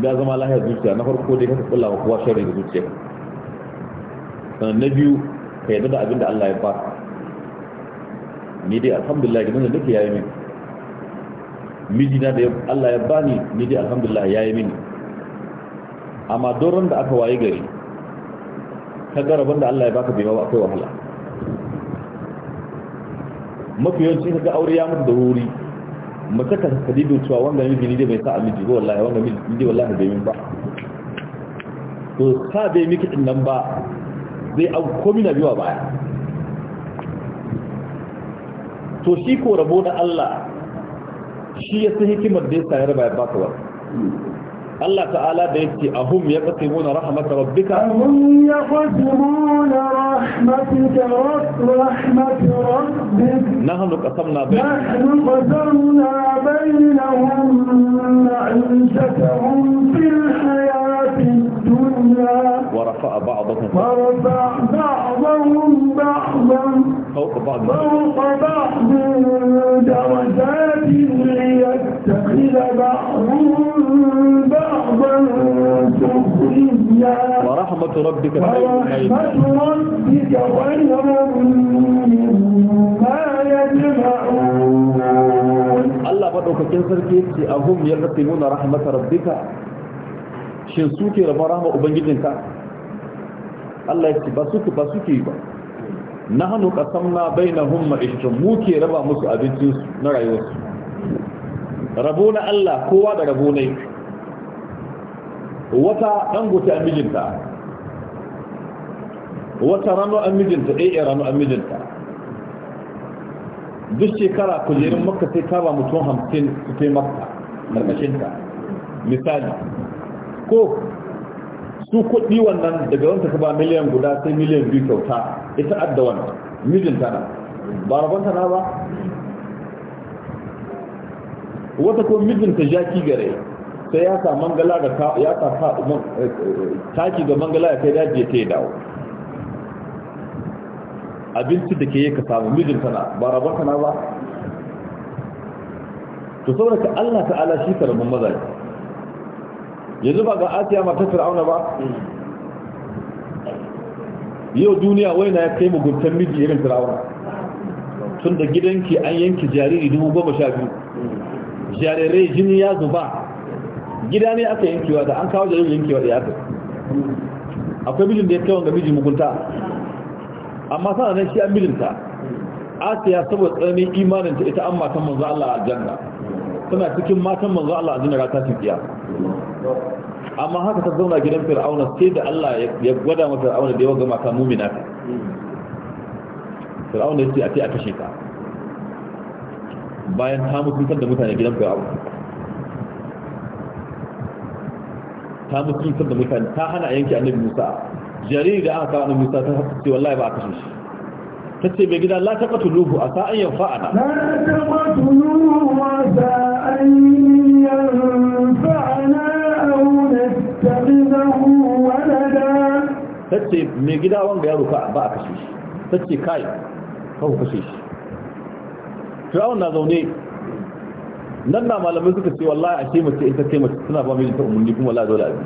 ya zama lahiya zuciya na farko dai kaka kulla wa kowa sharri da zuciya sannan na biyu ka yadda da abin da Allah ya ba ni dai alhamdulillah gidan da nake yayi mini mijina da Allah ya bani ni dai alhamdulillah yayi mini amma doron da aka waye gari ka garaban da Allah ya baka bai ba akwai wahala mafi yawanci ka ga aure ya mutu da wuri mace ka kadi da cewa wanda miji ne bai sa a miji ba wallahi wanda miji wallahi bai min ba to sa bai miki din nan ba zai au komi na biwa baya to shi ko rabo da Allah shi ya san hikimar da ya sa ya raba ya baka wa الله تعالى بيت أهم يقسمون رحمة ربك أهم يقسمون رحمتك رحمة ربك نحن قسمنا بينهم نحن قسمنا بينهم معيشتهم في الحياة الدنيا ورفع بعضهم ورفع بعضهم بعضا فوق بعض فوق بعض درجات ليتخذ بعضهم سخريا ورحمة ربك خير ورحمة ربك sarki مما يجمعون الله مدوكاكين سركي يتي أهم يقتلون رحمة ربك shin suke rabon rama ubangijinka Allah ya ce ba suke ba suke ba na hannu kasamna bai na hun ma'ishin muke raba musu abincinsu na rayuwarsu rabo na Allah kowa da rabo na yi wata dangote a mijinta wata rano a mijinta ɗaya eh, eh, rano a mijinta duk shekara kujerin makka sai kaba mutum hamsin su kai makka ƙarƙashinta misali ko su kuɗi wannan daga wanta ka ba miliyan guda sai miliyan biyu kyauta ita adda wannan mijinta na ba rabonta na ba wata ko mijinta jaki gare sai ya sa mangala da ya sa eh, taki ga mangala ya kai daji ya yi dawo abinci da ke yi ka samu mijin tana ba rabon sana ba to saboda ka Allah ta'ala shi karamin mazaji yanzu ba ga asiya mata fir'auna ba yau duniya waina ya kai muguntan miji irin fir'auna tun da gidanki an yanki jariri dubu goma sha biyu jarirai jini ya zuba gida ne aka yankewa da an kawo jaririn yankewa da ya aka akwai mijin da ya kai ga mijin mugunta amma sana nan shi an mijinta asiya saboda tsananin imanin ta ita an matan manzo Allah a aljanna tana cikin matan manzo Allah a aljanna rata tashin fiya amma haka ta zauna gidan fir'auna sai da Allah ya gwada mata fir'auna da yawa ga mata mumina fir'auna ya ce a ce a kashe ta bayan ta mutuntar da mutane gidan fir'auna ta sun da mutane ta hana a yanki annabi musa jariri da aka kawo annabi musa ta haka ce wallahi ba a kashe shi ta ce mai gida la taɓa tuluhu a sa'an yan fa'ana la taɓa tuluhu a sa'an yan fa'ana au na taɓizahu walada ta ce mai gida wanga yaro ba a kashe shi ta ce kai kawo kashe shi fir'aun na zaune nan na malamai suka ce wallahi ashe mace ita ce suna ba mijinta umarni kuma wallahi dole abi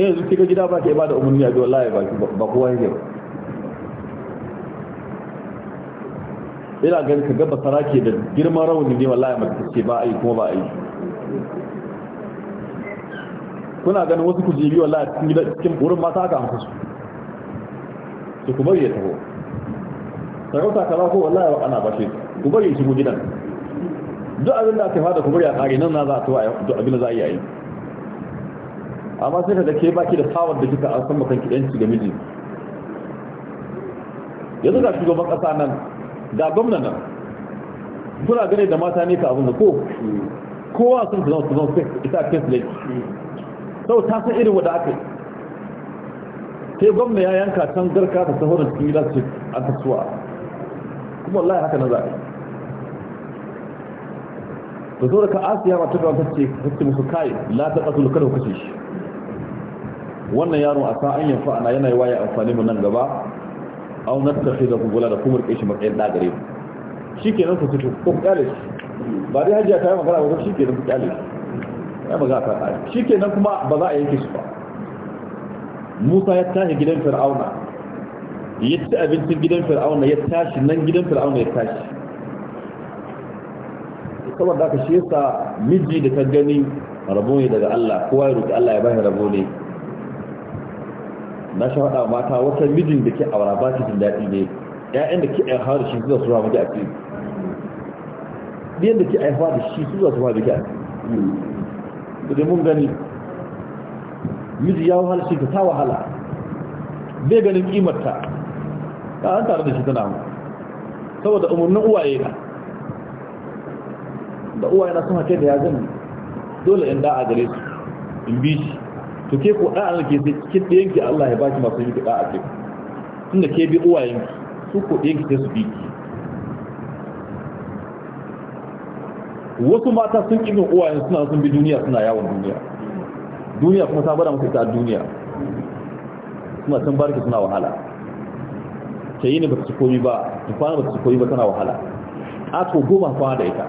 eh yanzu ga gida ba ke ba da umarni ji wallahi ba ba kowa yake ba ina ganin ka gaba sarake da girman rauni ne wallahi mace ce ba ai kuma ba ai kuna ganin wasu ku jibi wallahi cikin wurin mata aka amsa su su ku bari ya taho sarauta kala ko wallahi wa ana bashe ku bari shi gidan duk abin da aka yi ku kuburi a kare nan na za a tuwa duk abin da za a yi amma sai ka da baki da tawar da kika an san bakan kiɗanci da miji yanzu ga shugaban ƙasa nan ga gwamna nan kuna gane da mata ne ka abin da ko kowa sun su zama su zama ita a kes lake sau ta san irin wadda aka yi sai gwamna ya yanka can garka ta sahorin cikin gida su an kasuwa kuma wallahi haka na za a yi to zo daga asiya ba ta ga ta ce ta su kai la ta kasu kada ku shi wannan yaro a sa an yanfa ana yana waya waye amfani mu nan gaba ta nattafi da gugula da kuma rike shi matsayin da gare mu shikenan ku fito ko kyale shi ba dai Hajiya ta yi magana ba shikenan ku kyale shi ya magana ta kai shikenan kuma ba za a yanke shi ba Musa ya tashi gidan Fir'auna ya ci abincin gidan Fir'auna ya tashi nan gidan Fir'auna ya tashi saboda ka shi yasa miji da ka gani rabo ne daga Allah kowa ya roki Allah ya bashi rabo ne na sha shaɗa mata wata mijin da ke aura ba ta jin daɗi ne ƴaƴan da ke aihuwa da shi zuwa su ramu da a cikin ɗiyan da ke aihuwa da shi zuwa su ramu a cikin da mun gani miji ya wahala shi ta ta wahala bai ganin kimarta ta an tare da shi tana mu saboda umarnin uwaye na da uwa yana sun hake da ya zama dole in da'a gare su in bi shi to ke ko da'a ke sai ki Allah ya baki masu yi da'a ke da ke bi uwa yanki su ko yanki sai su bi wasu mata sun ƙi uwa yanki suna sun bi duniya suna yawon duniya duniya kuma ta bada musu ita duniya suna can barki suna wahala ta yi ne ba su komi ba ta kwana ba su komi ba tana wahala a to goma kwana da ita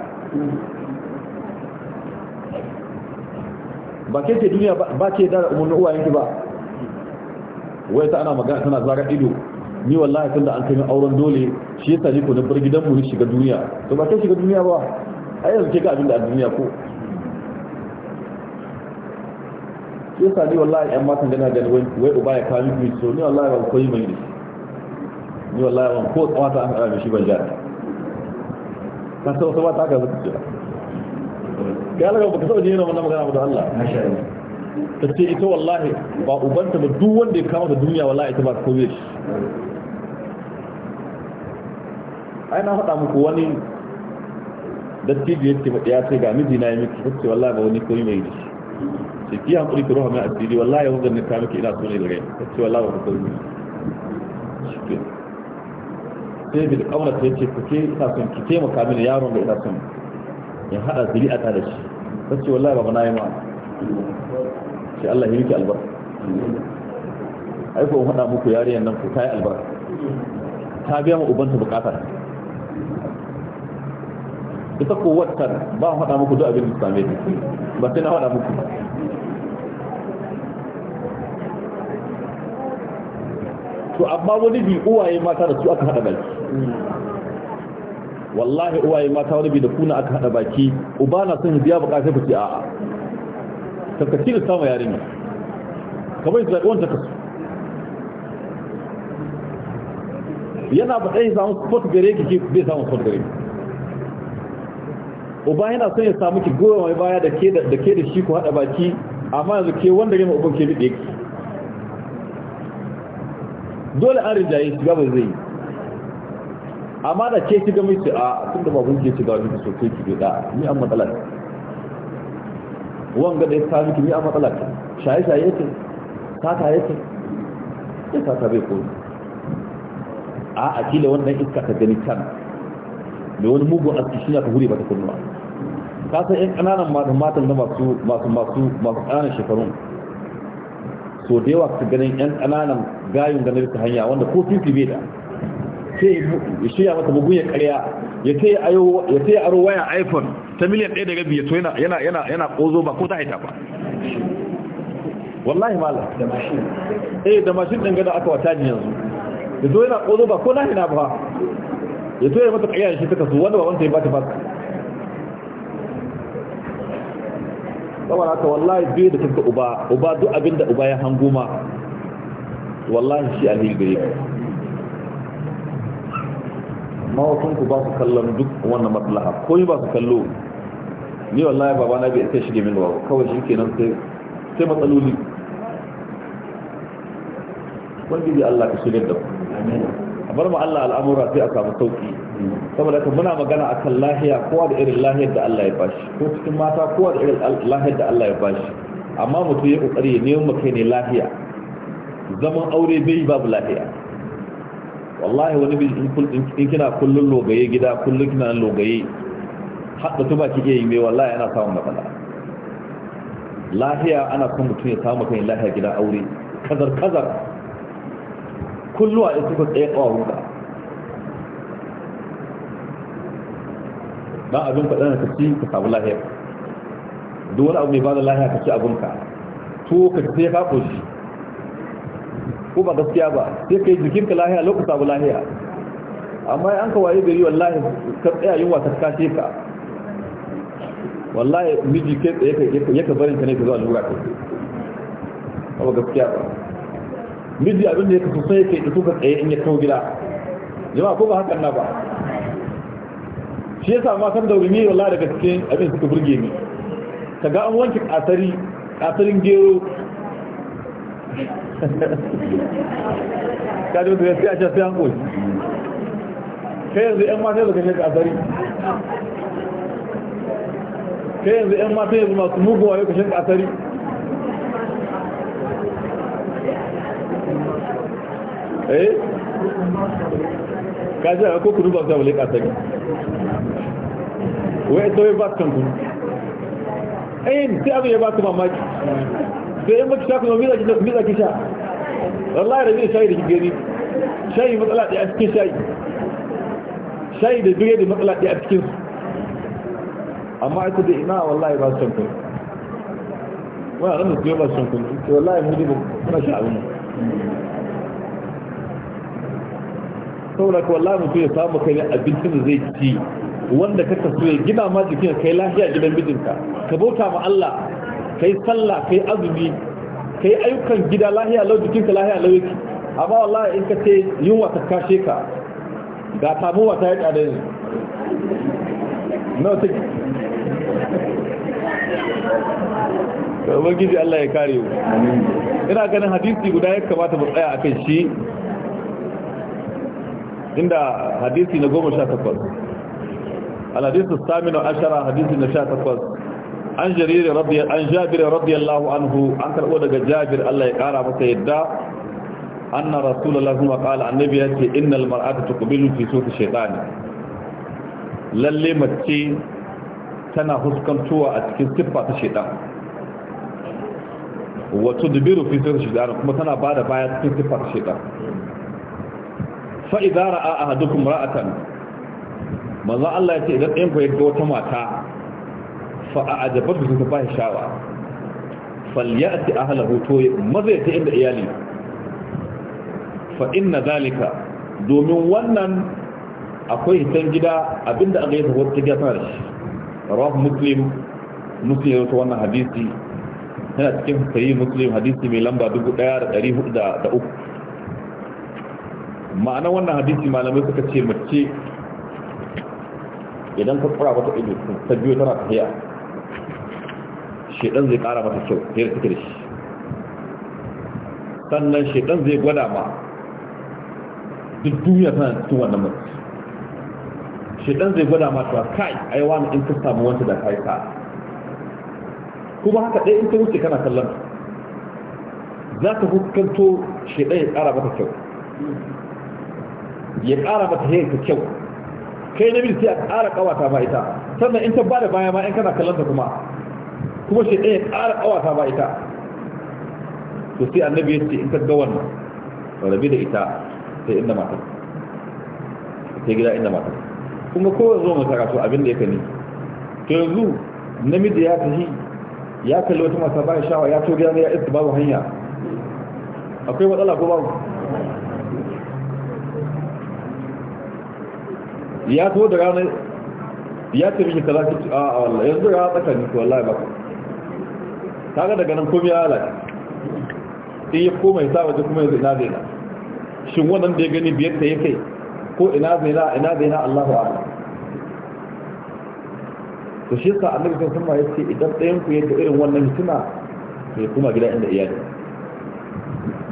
ba ke ce duniya ba ke da umarnin uwayenki ba wai ta ana magana tana zagar ido ni wallahi da an kai auren dole shi ya ni ku na bar gidan mu shiga duniya to ba ke shiga duniya ba a yanzu ke ga abin da a duniya ko shi yasa ni wallahi yan matan gana gani wai uba ya kawo miki so ni wallahi ba koyi mai ne ni wallahi ba ko tsawata an haɗa shi ban jari kan sau ba ta ka zaka jira ga Allah ba ka saba jina wannan magana da Allah ta ce ita wallahi ba ubanta ba duk wanda ya kama da duniya wallahi ita ba ko zai shi ai na faɗa muku wani dattijo yake ba ya ce ga miji na yi miki ta ce wallahi ba wani koyi mai shi ce ki hankuri ki roha mai asiri wallahi yau zan nika miki ina so ne gare ta wallahi ba koyi sai bi da kauna ta ce ku ke ina son ki taimaka mini yaron da ina son in hada zuri a tare shi ta ce wallahi babu na yi ma shi Allah ya miki albar aiko haɗa muku yariyan nan ku ta yi albar. ta biya ma ubanta bukatar ita ko wata ba mu haɗa muku duk abin da same ta ba sai na haɗa muku to amma wani bi uwaye mata da su aka hada baki wallahi uwaye mata wani bi da kuna aka hada baki uba na son biya bukata ku a a'a tabbaci da sama yarinya kamar zai wanda kasu yana ba dai samu sport gare ki ke bai samu sport gare uba yana son ya samu ki goyon mai baya da ke da ke da shi ku hada baki amma yanzu ke wanda gama uban ke bi dole an rijaye shi ba zai yi amma da ke shiga mai a tun da ba ke shiga wani sosai, ke ki da ni an matsala wanga da ya sa miki ni an matsalar shaye shaye ce, sata ce, ya sata bai koyi a a kila wannan iska ta gani can da wani a aski shina ta hure ba ta kunnuwa ka san yan ƙananan matan matan da masu masu masu masu ƙananan shekarun so da yawa ka ganin yan ƙananan gayun ganar ta hanya wanda ko fifi bai da sai ya shirya maka bugun ya karya ya sai ayo ya aro waya iPhone ta miliyan 1 daga biyu to yana yana yana yana kozo ba ko ta haita ba wallahi malam da mashin eh da mashin din ga da aka wata yanzu ya to yana kozo ba ko na hina ba ya to mata karya shi ta kasu wanda ba wanda ya bata ba wallahi da uba uba duk abinda uba ya hanguma wallahi shi alheri gare ka mawatanku ba su kallon duk wannan maslaha ko ba su kallo ni wallahi baba na bai sai shige min ba kawai shi kenan sai sai matsaloli wani da Allah ka shigar da ku a bar ma Allah al'amura sai a samu sauki saboda ka muna magana a kan lahiya kowa da irin lahiyar da Allah ya bashi ko cikin mata kowa da irin lahiyar da Allah ya bashi amma mutum ya kokari ya nemo kai ne lahiya zaman aure bai babu lahiya wallahi wani bi in kina kullun logaye gida kullun kina logaye hadda tuba kike yi mai wallahi ana samun matsala lafiya ana son mutum ya samu kan lafiya gida aure kazar kazar kulluwa ya suka tsaye kawunka ba abin faɗa ka ci ka samu lafiya duk wani abu mai ba da lafiya ka ci abinka to ka sai ka koshi ko ba gaskiya ba sai kai jikinka lahiya lokuta sabu lahiya amma an ka waye gari wallahi ka tsaya yunwa ta kashe ka wallahi miji kai tsaye ya ka barin ka ne ka zuwa lura ka ba gaskiya ba miji abin da ya kasu sai kai ito ka tsaye in ya kawo gida jama'a ko ba hakan na ba shi yasa ma kan da wuri wallahi daga cikin abin suka burge ni kaga an wanke kasari kasarin gero ta ji ya sai a ce sai kai yanzu 'yan mata yanzu kashe ka kai yanzu 'yan mata yanzu masu muguwa ya kashe ka eh ka ji a ba su abu leƙa eh, asari wai sauye ba su kan kudu ayin abu ya ba su mamaki da yan baki sha kuma me za ki sha wallahi rabi da shayi da gani shayi matsala ɗaya a cikin shayi shayi da bire da matsala ɗaya a cikin su amma ita da ina wallahi ba su shan kuma wani ranar su ba su shan kuma wallahi mu ji ba sha abin saboda ka wallahi mutum ya samu kai abincin da zai ci wanda ka taso ya gina ma jikin kai lafiya gidan mijinka ka bauta ma Allah kai sallah kai azumi kai ayyukan gida lahiya lau jikinka lahiya lau yake amma wallahi in ka ce yunwa ta kashe ka ga tamuwa ta yi tsada yanzu nawa take da ubangiji Allah ya kare mu ina ganin hadisi guda ya kamata mu tsaya a kan shi inda hadisi na goma sha takwas al hadisu saminu ashara hadisi na sha takwas an jariri an jabir radiyallahu anhu an karbo daga jabir Allah ya kara masa yadda anna rasulullahi kuma qala annabi yace innal mar'ata tuqbilu fi sufi shaytani lalle mace tana huskantowa a cikin siffa ta shaytan wa tudbiru fi sufi shaytan kuma tana bada baya cikin siffa ta shaytan fa idza ra'a ahadukum ra'atan manzo Allah yace idan ɗayan ku yadda wata mata da suka ba shawa falyati ahlahu to maza ya ta inda iyali fa na zalika domin wannan akwai hitan gida abinda an gaisa wata gida tana da shi rawahu muslim muslim ya rawaito wannan hadisi yana cikin sayi muslim hadisi mai lamba 1403 ma'ana wannan hadisi malamai suka ce mace idan ka tsara wata ido ta biyo tana tafiya shedan zai kara mata kyau da take da shi sannan shedan zai gwada ma duk duniya tana cikin wannan mutum shedan zai gwada ma cewa kai yi wani in ka samu wanda da kai ka kuma haka ɗaya in ta wuce kana kallon za ka hukanto shedan ya kara mata kyau ya kara mata hayyarka kyau kai na sai a kara kawata ma ita sannan in ta bada baya ma in kana kallon ta kuma kuma shi ɗaya ƙara ƙawata ba ita to sai annabi ya ce in ka ga wannan rabi da ita sai inda matar sai gida inda matar kuma kowa zo mai to abin da ya kani to yanzu namiji ya tafi ya kalli wata mata ba shawa ya to gida ne ya isa babu hanya akwai matsala ko babu ya to da ranar ya tafi shi kaza ki a wallahi yanzu ga tsakanin ko wallahi ba kaga daga nan komai ya lalace in ya koma ya sa waje kuma yanzu ina zai na shin wannan da ya gani biyar ta yake ko ina zai na ina zai na Allahu a'lam to shi yasa annabi sallallahu alaihi yace idan ɗayan ku yake irin wannan mutuna ya kuma gida inda iyali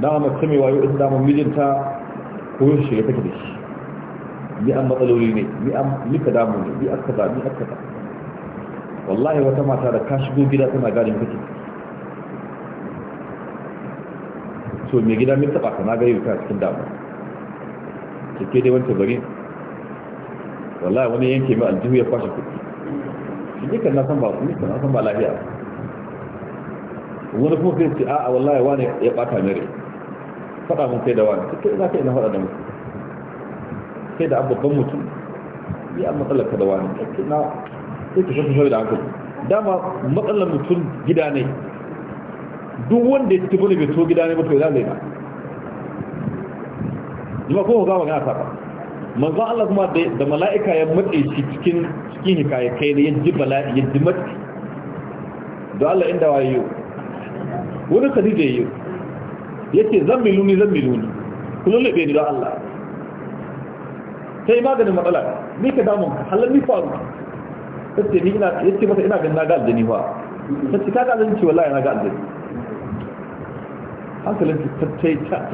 dama mace mai wayo ita dama mijinta ko yin shiga take da shi ni an matsaloli ne ni an nika damu ne ni aka ba ni aka ba wallahi wata mata da ka shigo gida tana gane kake to mai gida min taba ka na ga ta cikin damu take dai wancan bari wallahi wani yanke mai aljihu ya kwashe kuɗi shi ne kan san ba ni kan na san ba lafiya wani kuma sai ce a'a wallahi wani ya bata mere faɗa mun kai da wani take za ka na faɗa da mutum kai da babban mutum ya an matsalar ka da wani sai ka shafi shafi da hankali dama matsalar mutum gida ne duk wanda ya tafi bai to gida ne ba to za zai ba zuwa ko ga magana ta ba manzon Allah kuma da mala'ika ya matse shi cikin cikin hikaya kai da yaji bala'i yaji matsi da Allah inda wayo wani Khadija yayi yace milu ni zan milu ni da Allah sai maganin matsala Ni ka damun ka halar ni faru sai ni ina yace ina ganin na ga aljini fa sai ka ga aljini wallahi na ga aljini hankalinta ta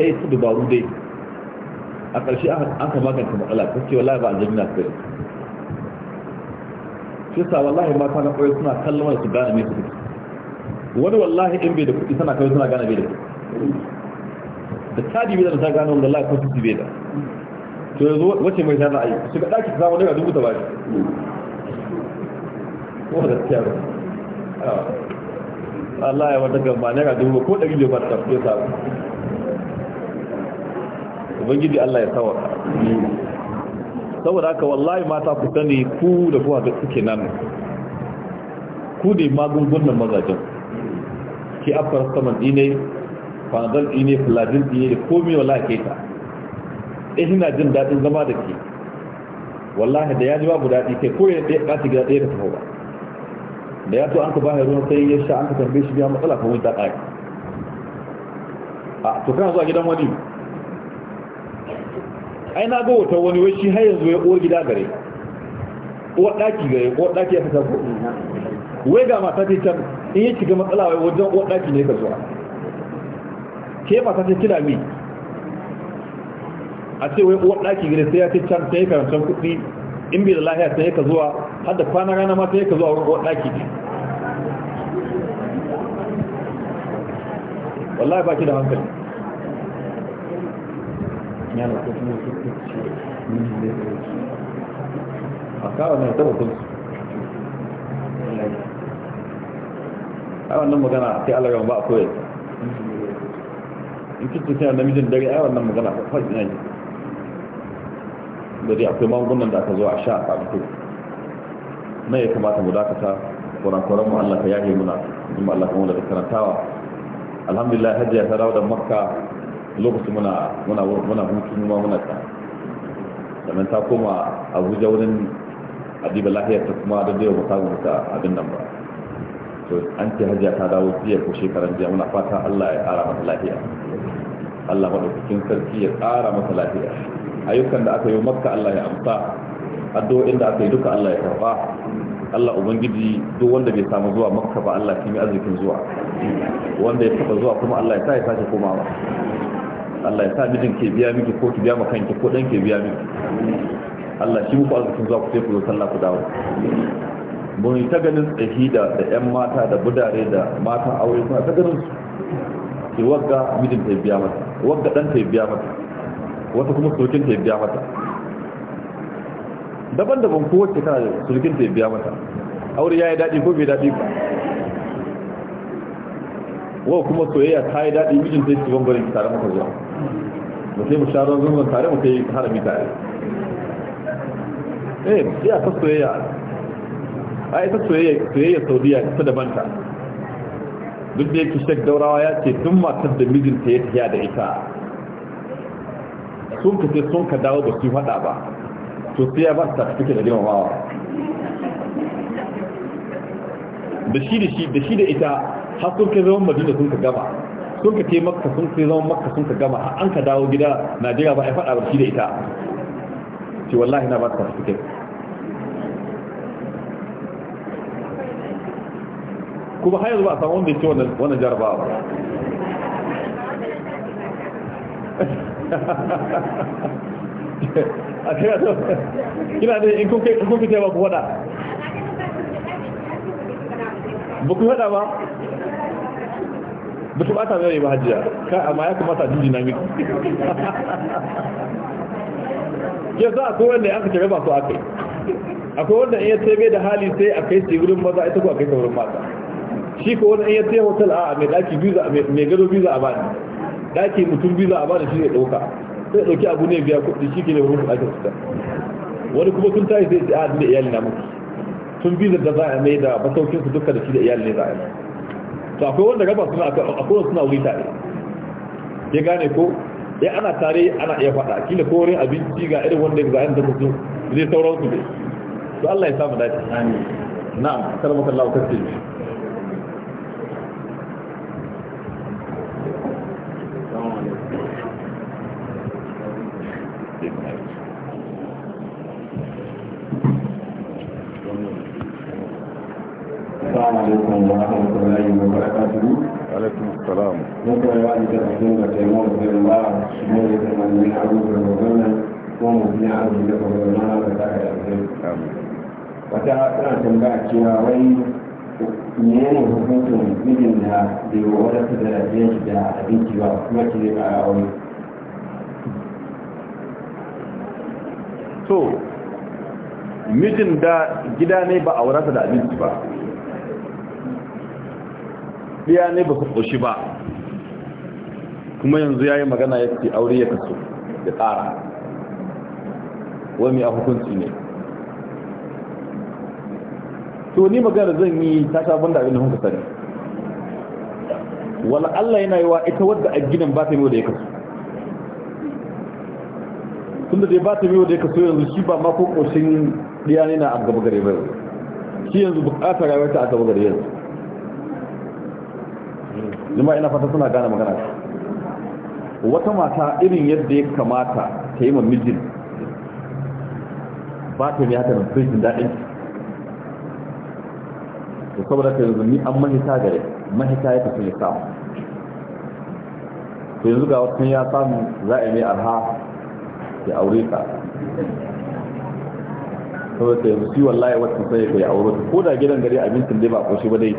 yi ta dubaru dai a ƙarshe an ka maganta matsala ta ce wallahi ba a jirgin ta yi shi sa wallahi mata na ƙwai suna kallon wani su gane mai su wani wallahi in bai da kuɗi sana kawai suna gane bai da kuɗi da tadi bai da ta gane wanda wallahi kawai su bai da to yanzu wace mai tana ayi su ga ɗaki ta samu daga dubu ta bashi ko da ta Allah ya wata gaba naira dubu ko ɗari da ba ta fiye sa ubangiji Allah ya sawaka saboda haka wallahi mata ku sani ku da kuwa da suke nan ku ne magungunan mazajen ke afar saman dine fanadol dine fulajin dine da komi wala ke ta eh ina jin daɗin zama da ke wallahi da ya ji babu daɗi kai ko ya ɗaya ɓata gida ɗaya da tahoba da ya to an ka ba ruwan sai ya sha an ka tambaye shi biya matsala kan wuta ƙari a to kana zuwa gidan wani ai na ga wata wani wai shi har yanzu ya uwar gida gare uwar ɗaki gare uwar ɗaki ya fita ko wai ga mata ce can in ya shiga matsala wai wajen uwar ɗaki ne ka zuwa ke mata ce kina mi a ce wai uwar ɗaki gare sai ya ce can sai karantar kuɗi in bi da lahiya ta ka zuwa har da kwana rana ma ta ka zuwa wurin daki. ne wallahi ba ki da hankali a kawo na taba kunsu ai wannan magana sai Allah ba a koyar in kitchen sai namijin dare ai wannan magana faɗi na yi da dai akwai magungunan da aka zo a sha a kwanto na ya kamata mu dakata kwanakwaran mu Allah ka yahe muna in Allah kuma da karantawa alhamdulillah hajjiya ta dawo da makka lokacin muna muna muna hutu ma muna ta sannan ta koma abuja wurin adiba lahiyar ta kuma da dai wata ta abin nan ba to an ce hajjiya ta dawo jiya ko shekaran jiya muna fata Allah ya ƙara mata lafiya Allah madaukakin sarki ya ƙara mata lafiya ayyukan da aka yi makka Allah ya amsa addu'o'in da aka yi duka Allah ya karba Allah ubangiji duk wanda bai samu zuwa makka ba Allah kimi arzikin zuwa wanda ya taba zuwa kuma Allah ya sa ya sake komawa Allah ya sa mijin ke biya miki ko ki biya maka kanki ko dan ke biya miki Allah shi muku arzikin zuwa ku sai ku zo sallah ku dawo mun yi ta ganin tsahi da ƴan yan mata da budare da matan aure suna ta ganin su ki wagga mijin ta biya mata wagga dan ta biya mata wata kuma surukinta ta biya mata daban-daban ko wacce kana da surukinta ta biya mata aure ya yi daɗi ko bai daɗi ba wa kuma soyayya ta yi daɗi mijin zai ci bambarin tare maka zuwa mu sai mu sha ruwan tare mu kai harami tare eh a ta soyayya a ita soyayya saudiya ta dabanta duk da yake shek daurawa ya ce tun matar da mijinta ya tafiya da ita sun ka sun ka dawo ba su faɗa ba to sai ya ba su tafi da girmamawa da shi da shi da shi da ita har sun kai zaman madina sun ka gama sun ka ke makka sun kai zama makka sun ka gama har an ka dawo gida najeriya ba ya faɗa ba shi da ita ce wallahi na ba su tafi kuma har yanzu ba a samu wanda ya ce wannan jarabawa a kira to kina da in kun kai kun fita ba ku wada ba ku wada ba ba ku bata mai ba hajiya ka amma ya kamata jiji na miki ya za akwai wanda ya tare ba su akai akwai wanda in ya sai da hali sai a kai shi wurin maza ita ko a kai ta wurin mata shi ko wanda in ya sai hotel a mai daki biyu za mai gado biyu a bani ake mutum biza a bada shi ne dauka sai dauki abu ne biya kuɗi shi ke ne wurin ɗakin su wani kuma sun tashi sai a ah, da iyali na mutu sun biza da za a mai da masaukin su duka da shi da iyali ne za a yi to akwai wanda gaba suna akwai suna wuri tare ya gane ko ya ana tare ana iya faɗa kila ko wurin abinci ga irin wanda ga da mutum zai sauransu ne to Allah ya samu dace amin na'am sallallahu alaihi wa sallam ne wata tana tambaya cewa wai hukuncin mijin da bai wa da da abinci ba kuma ki zai kara wani. to mijin da gida ne ba a aurata da abinci ba biya ne ba ku ƙoshi ba kuma yanzu ya yi magana ya ce aure ya kaso da tsara wani a hukunci ne to ni magana zan yi ta sha da abin da hunka sani wala Allah yana yi wa ita wadda a ginin ba ta yi wadda ya kaso tun da dai ba ta yi wadda ya kaso yanzu shi ba ma ko ƙoshin ɗiya ne na a gaba gare bai shi yanzu bukata rayuwar ta a gaba gare yanzu jama'a ina fata suna gane magana wata mata irin yadda ya kamata ta yi mamijin ba ta yi haka mai sai daɗin da saboda ta yanzu ni an mahita gare mahita ya tafi ya samu to yanzu ga wasu ya samu za a yi mai arha ya aure ka saboda ta yanzu shi wallahi wata sai ka ya aure ko da gidan gari abincin dai ba koshi ba dai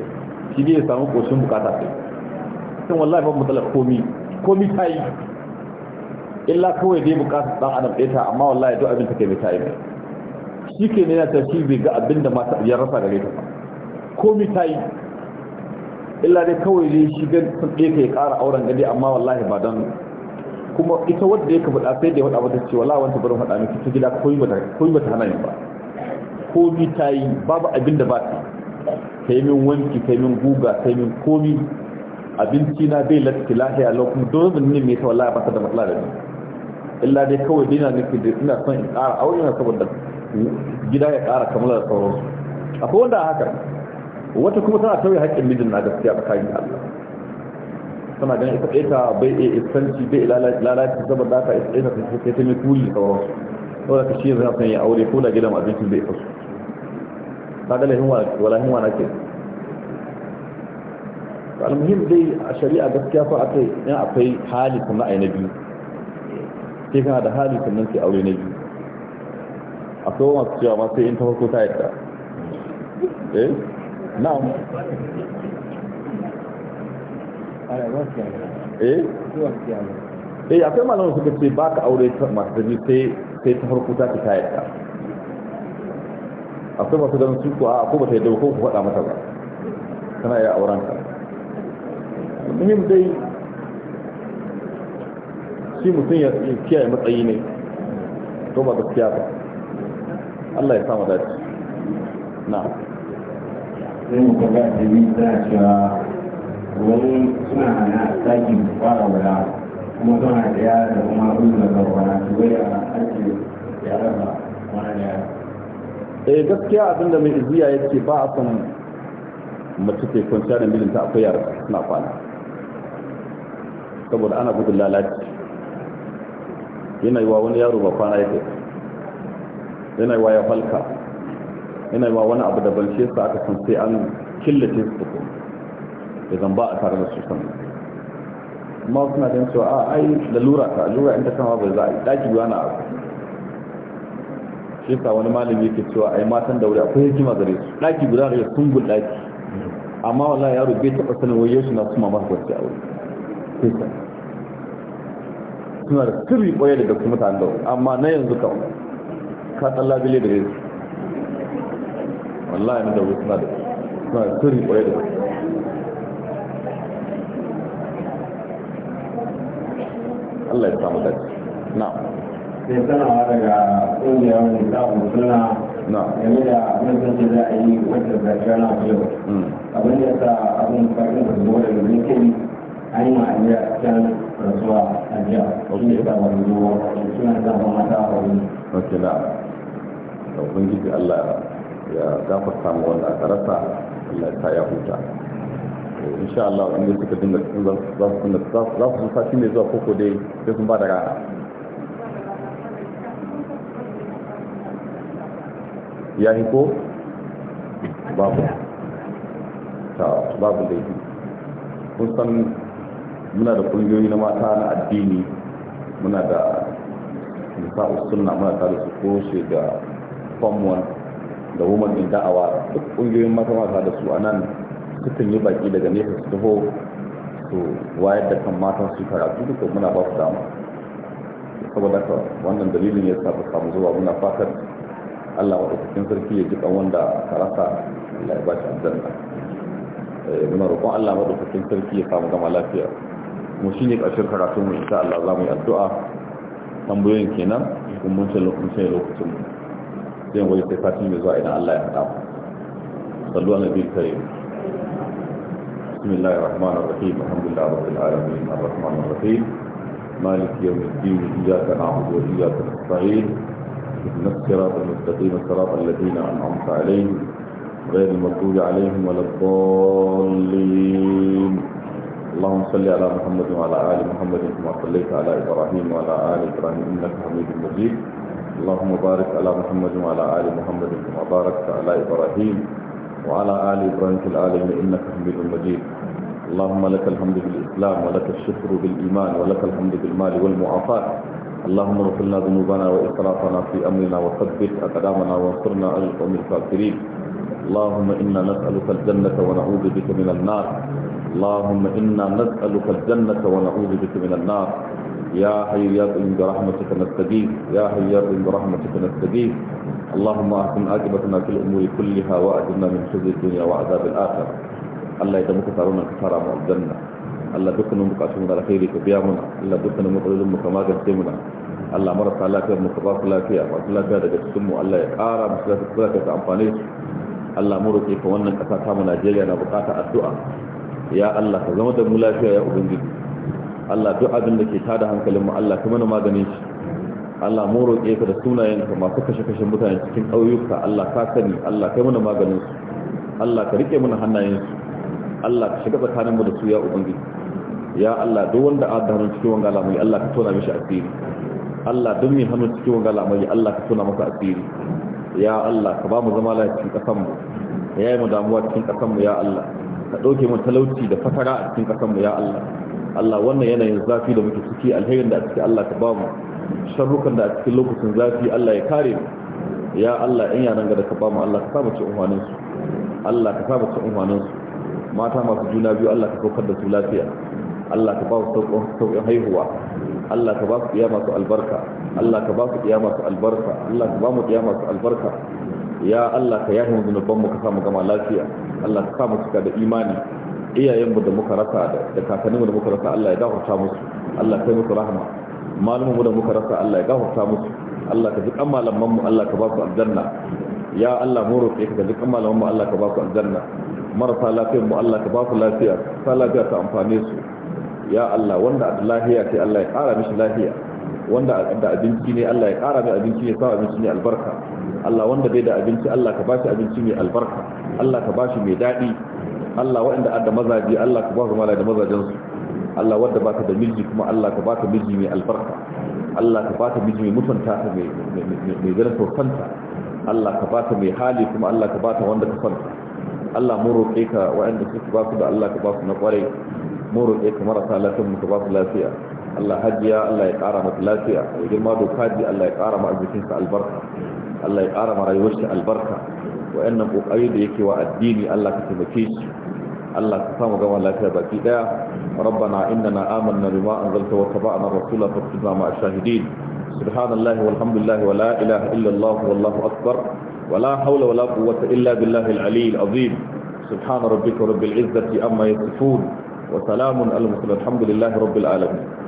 shi ne ya samu koshin bukata sai kan wallahi ba talar komi komi ta yi illa kawai dai bukatar dan adam ɗaya ta amma wallahi duk abin take bai ta yi shi ke ne na ta shi bai ga abin da mata ya rasa gare ta komi ta yi illa dai kawai dai shi ga sun ɗaya ta ya ƙara auren gari amma wallahi ba don kuma ita wadda ya faɗa sai da ya faɗa mata cewa lawan ta barin faɗa miki ta gida komi ba ta hana yin ba komi ta yi babu abin da ba ta ta yi min wanki ta yi min guga ta yi min komi abinci na bai lati lahiya lokacin dozin ne mai ta wallahi ba ta da matsala da ni illa dai kawai dina nake da ina son in ƙara aure na saboda gida ya ƙara kamar da sauransu akwai wanda haka wata kuma tana tauye haƙƙin mijin na gaskiya tsakanin Allah tana ganin ita ɗaya ta bai iya iskanci bai lalaci saboda haka isa ɗaya ta sai ta mai kuli sauransu saboda ka shi yanzu na son ya aure ko da gidan abincin bai fasu ta ga lahin wala hin wala ke almuhim dai a shari'a gaskiya fa akai in akwai hali kuma ai na biyu sai kana da hali sannan sai aure na biyu akwai masu cewa ma sai in ta farko ta yadda eh na'am eh, eh akwai malamin suka ce ba ka aure masu zabi sai ta farko ta ta yadda akwai masu ganin su kuwa ko ba ta yadda ko ku faɗa mata ba kana iya a ka muhim dai shi mutum ya kiyaye matsayi ne to ba gaskiya ba Allah ya samu dace na sai mu kaga da yi da cewa wani suna hana saki fara wala kuma suna da yara da kuma ruzu da wala su wai a ake ya raba wani ya eh gaskiya abinda mai ya yake ba a san mace ke kwanciya da milinta akwai yara suna kwana saboda ana gudun lalaci yanayi wa wani yaro ba kwana yake yanayi wa ya falka yanayi wa wani abu da balce su aka san sai an killace su ko da zamba a tare da su kan amma suna da cewa a ah, ai lalura ta lura in ta kama bai za a yi daki yana abu shi sa wani malami yake cewa ai matan da wuri akwai hikima gare su daki guda ne sun gul daki amma wallahi yaro bai taba sanin wai su na suma masa kwanciya a wuri suna da kiri ɓoye da duk mutane da amma na yanzu ka ka tsalla bile da yanzu wallahi na dawo suna da suna da kiri kwaye da Allah ya samu dace Na. sai sanawa daga ƙungiyar lissafin suna yanzu da mutunci za a yi wadda zargana yau mm. abin da sa abin farin da zuwa da mulkin an yi ma'ani a can rasuwa a jiya shi ne da wani ruwa shi ne da wani mata a wani ok na da ubangiji allah ya gafarta ma wanda aka rasa allah ta ya huta insha allah wanda suka dinga za su dinga za su sati mai zuwa koko dai sai sun ba da rana ya yi ko babu ta babu laifi kun san muna da kungiyoyi na mata na addini muna da nisa'u sunna muna tare su koshe da form da woman in da'awa duk kungiyoyin mata mata da su a nan sukan yi baki daga nesa su taho su wayar da kan matan su karatu duka muna ba su dama saboda ka wannan dalilin ya sa samu zuwa muna fatar Allah maɗaukakin sarki ya ji kan wanda ka rasa Allah ya ba shi aljanna eh, muna roƙon Allah maɗaukakin sarki ya samu gama lafiya mu shine ne ƙarshen karatun mu insha Allah za mu yi addu'a tambayoyin kenan kun mun ce lokacin sai lokacin zai wani sai fatin mai zuwa idan Allah ya haɗa sallu ala nabi karim bismillahir rahmanir rahim alhamdulillahi rabbil alamin arrahmanir rahim مالك يوم الدين إياك نعبد وإياك نستعين اهدنا الصراط المستقيم صراط الذين أنعمت عليهم غير المغضوب عليهم ولا الضالين اللهم صل على محمد وعلى آل محمد كما صليت على إبراهيم وعلى آل إبراهيم إنك حميد مجيد اللهم بارك على محمد وعلى آل محمد كما باركت على إبراهيم وعلى آل إبراهيم في العالمين إنك حميد مجيد اللهم لك الحمد بالإسلام ولك الشكر بالإيمان ولك الحمد بالمال والمعافاة اللهم اغفر لنا ذنوبنا وإسرافنا في أمرنا وثبت أقدامنا وانصرنا على القوم الكافرين اللهم إنا نسألك الجنة ونعوذ بك من النار اللهم إنا نسألك الجنة ونعوذ بك من النار يا حي يا قيوم برحمتك نستجيب يا حي يا قيوم برحمتك نستجيب اللهم أحسن عاقبتنا في الأمور كلها وأجرنا من خزي الدنيا وعذاب الآخرة الله يدمك تارونا كفارة مع الجنة الله دكنا مقاسمنا لخير كبيامنا الله دكنا مقلل مكماجا سيمنا الله مرت على كيف مقباس لا كيف لا كيف دك السمو الله يقارب مسلاك السلاك Allah mu roƙe ka wannan ƙasa ta mu Najeriya na buƙatar addu'a ya Allah ka zama da mu lafiya ya ubangiji Allah duk abin da ke tada hankalin mu Allah ka mana maganin shi Allah mu roƙe ka da sunayenka masu kashe-kashe mutane cikin ƙauyuka Allah ka sani Allah kai mana maganin su Allah ka rike mana hannayen su Allah ka shiga tsakanin mu da su ya ubangiji ya Allah duk wanda a da hannun cikin wanga lamari Allah ka tona mishi asiri Allah duk mai hannun cikin wanga lamari Allah ka tona masa asiri ya Allah ka ba mu zama lafiya cikin ƙasar mu ka yayi mu damuwa cikin kasan mu ya Allah ka ɗauke mu talauci da fatara a cikin kasan mu ya Allah Allah wannan yanayin zafi da muke ciki alherin da a ciki Allah ka ba mu sharrukan da a cikin lokacin zafi Allah ya kare mu ya Allah in yaran ga da ka ba mu Allah ka saba ci unwanin su Allah ka saba ci unwanin su mata masu juna biyu Allah ka saukar da su lafiya Allah ka ba su sauƙin haihuwa Allah ka ba su kiyama masu albarka Allah ka ba su kiyama masu albarka Allah ka ba mu kiyama masu albarka ya Allah ka yafe mu zunubanmu ka samu gama lafiya Allah ka samu cika da imani iyayenmu da muka rasa da kakanninmu da muka rasa Allah ya gafarta musu Allah kai musu rahama malumanmu da muka rasa Allah ya gafarta musu Allah ka ji kan malamanmu Allah ka ba su aljanna ya Allah mu roƙe ka ji kan malamanmu Allah ka ba su aljanna marasa lafiyar mu Allah ka ba su lafiya sa lafiya ta amfane su ya Allah wanda a lafiya sai Allah ya ƙara mishi lafiya wanda da abinci ne Allah ya ƙara mai abinci ne sa abinci ne albarka Allah wanda bai da abinci Allah ka bashi abinci mai albarka Allah ka bashi mai daɗi Allah waɗanda adda mazaje Allah ka ba su mala da su, Allah wanda baka da miji kuma Allah ka baka miji mai albarka Allah ka baka miji mai mutunta ta mai mai darajar kanta Allah ka baka mai hali kuma Allah ka baka wanda ka fanta Allah mu roƙe ka waɗanda suke ba su da Allah ka ba su na ƙwarai mu roƙe ka marasa lafiya mu ka ba su lafiya Allah hajiya Allah ya ƙara mata lafiya ya girma doka ji Allah ya ƙara ma arzikinsa albarka Allah ya ƙara marayuwar shi albarka wa'annan ƙoƙari da yake wa addini Allah ka taimake shi Allah ka samu gama lafiya baki ɗaya rabbana innana amanna bima anzalta wa tabana rasula fatina ma ashahidin subhanallahi walhamdulillahi wala ilaha illa Allah wallahu akbar wala hawla wala quwwata illa billahi al-ali al-azim subhana rabbika rabbil izzati amma yasifun wa salamun al-mursalin alhamdulillahi rabbil alamin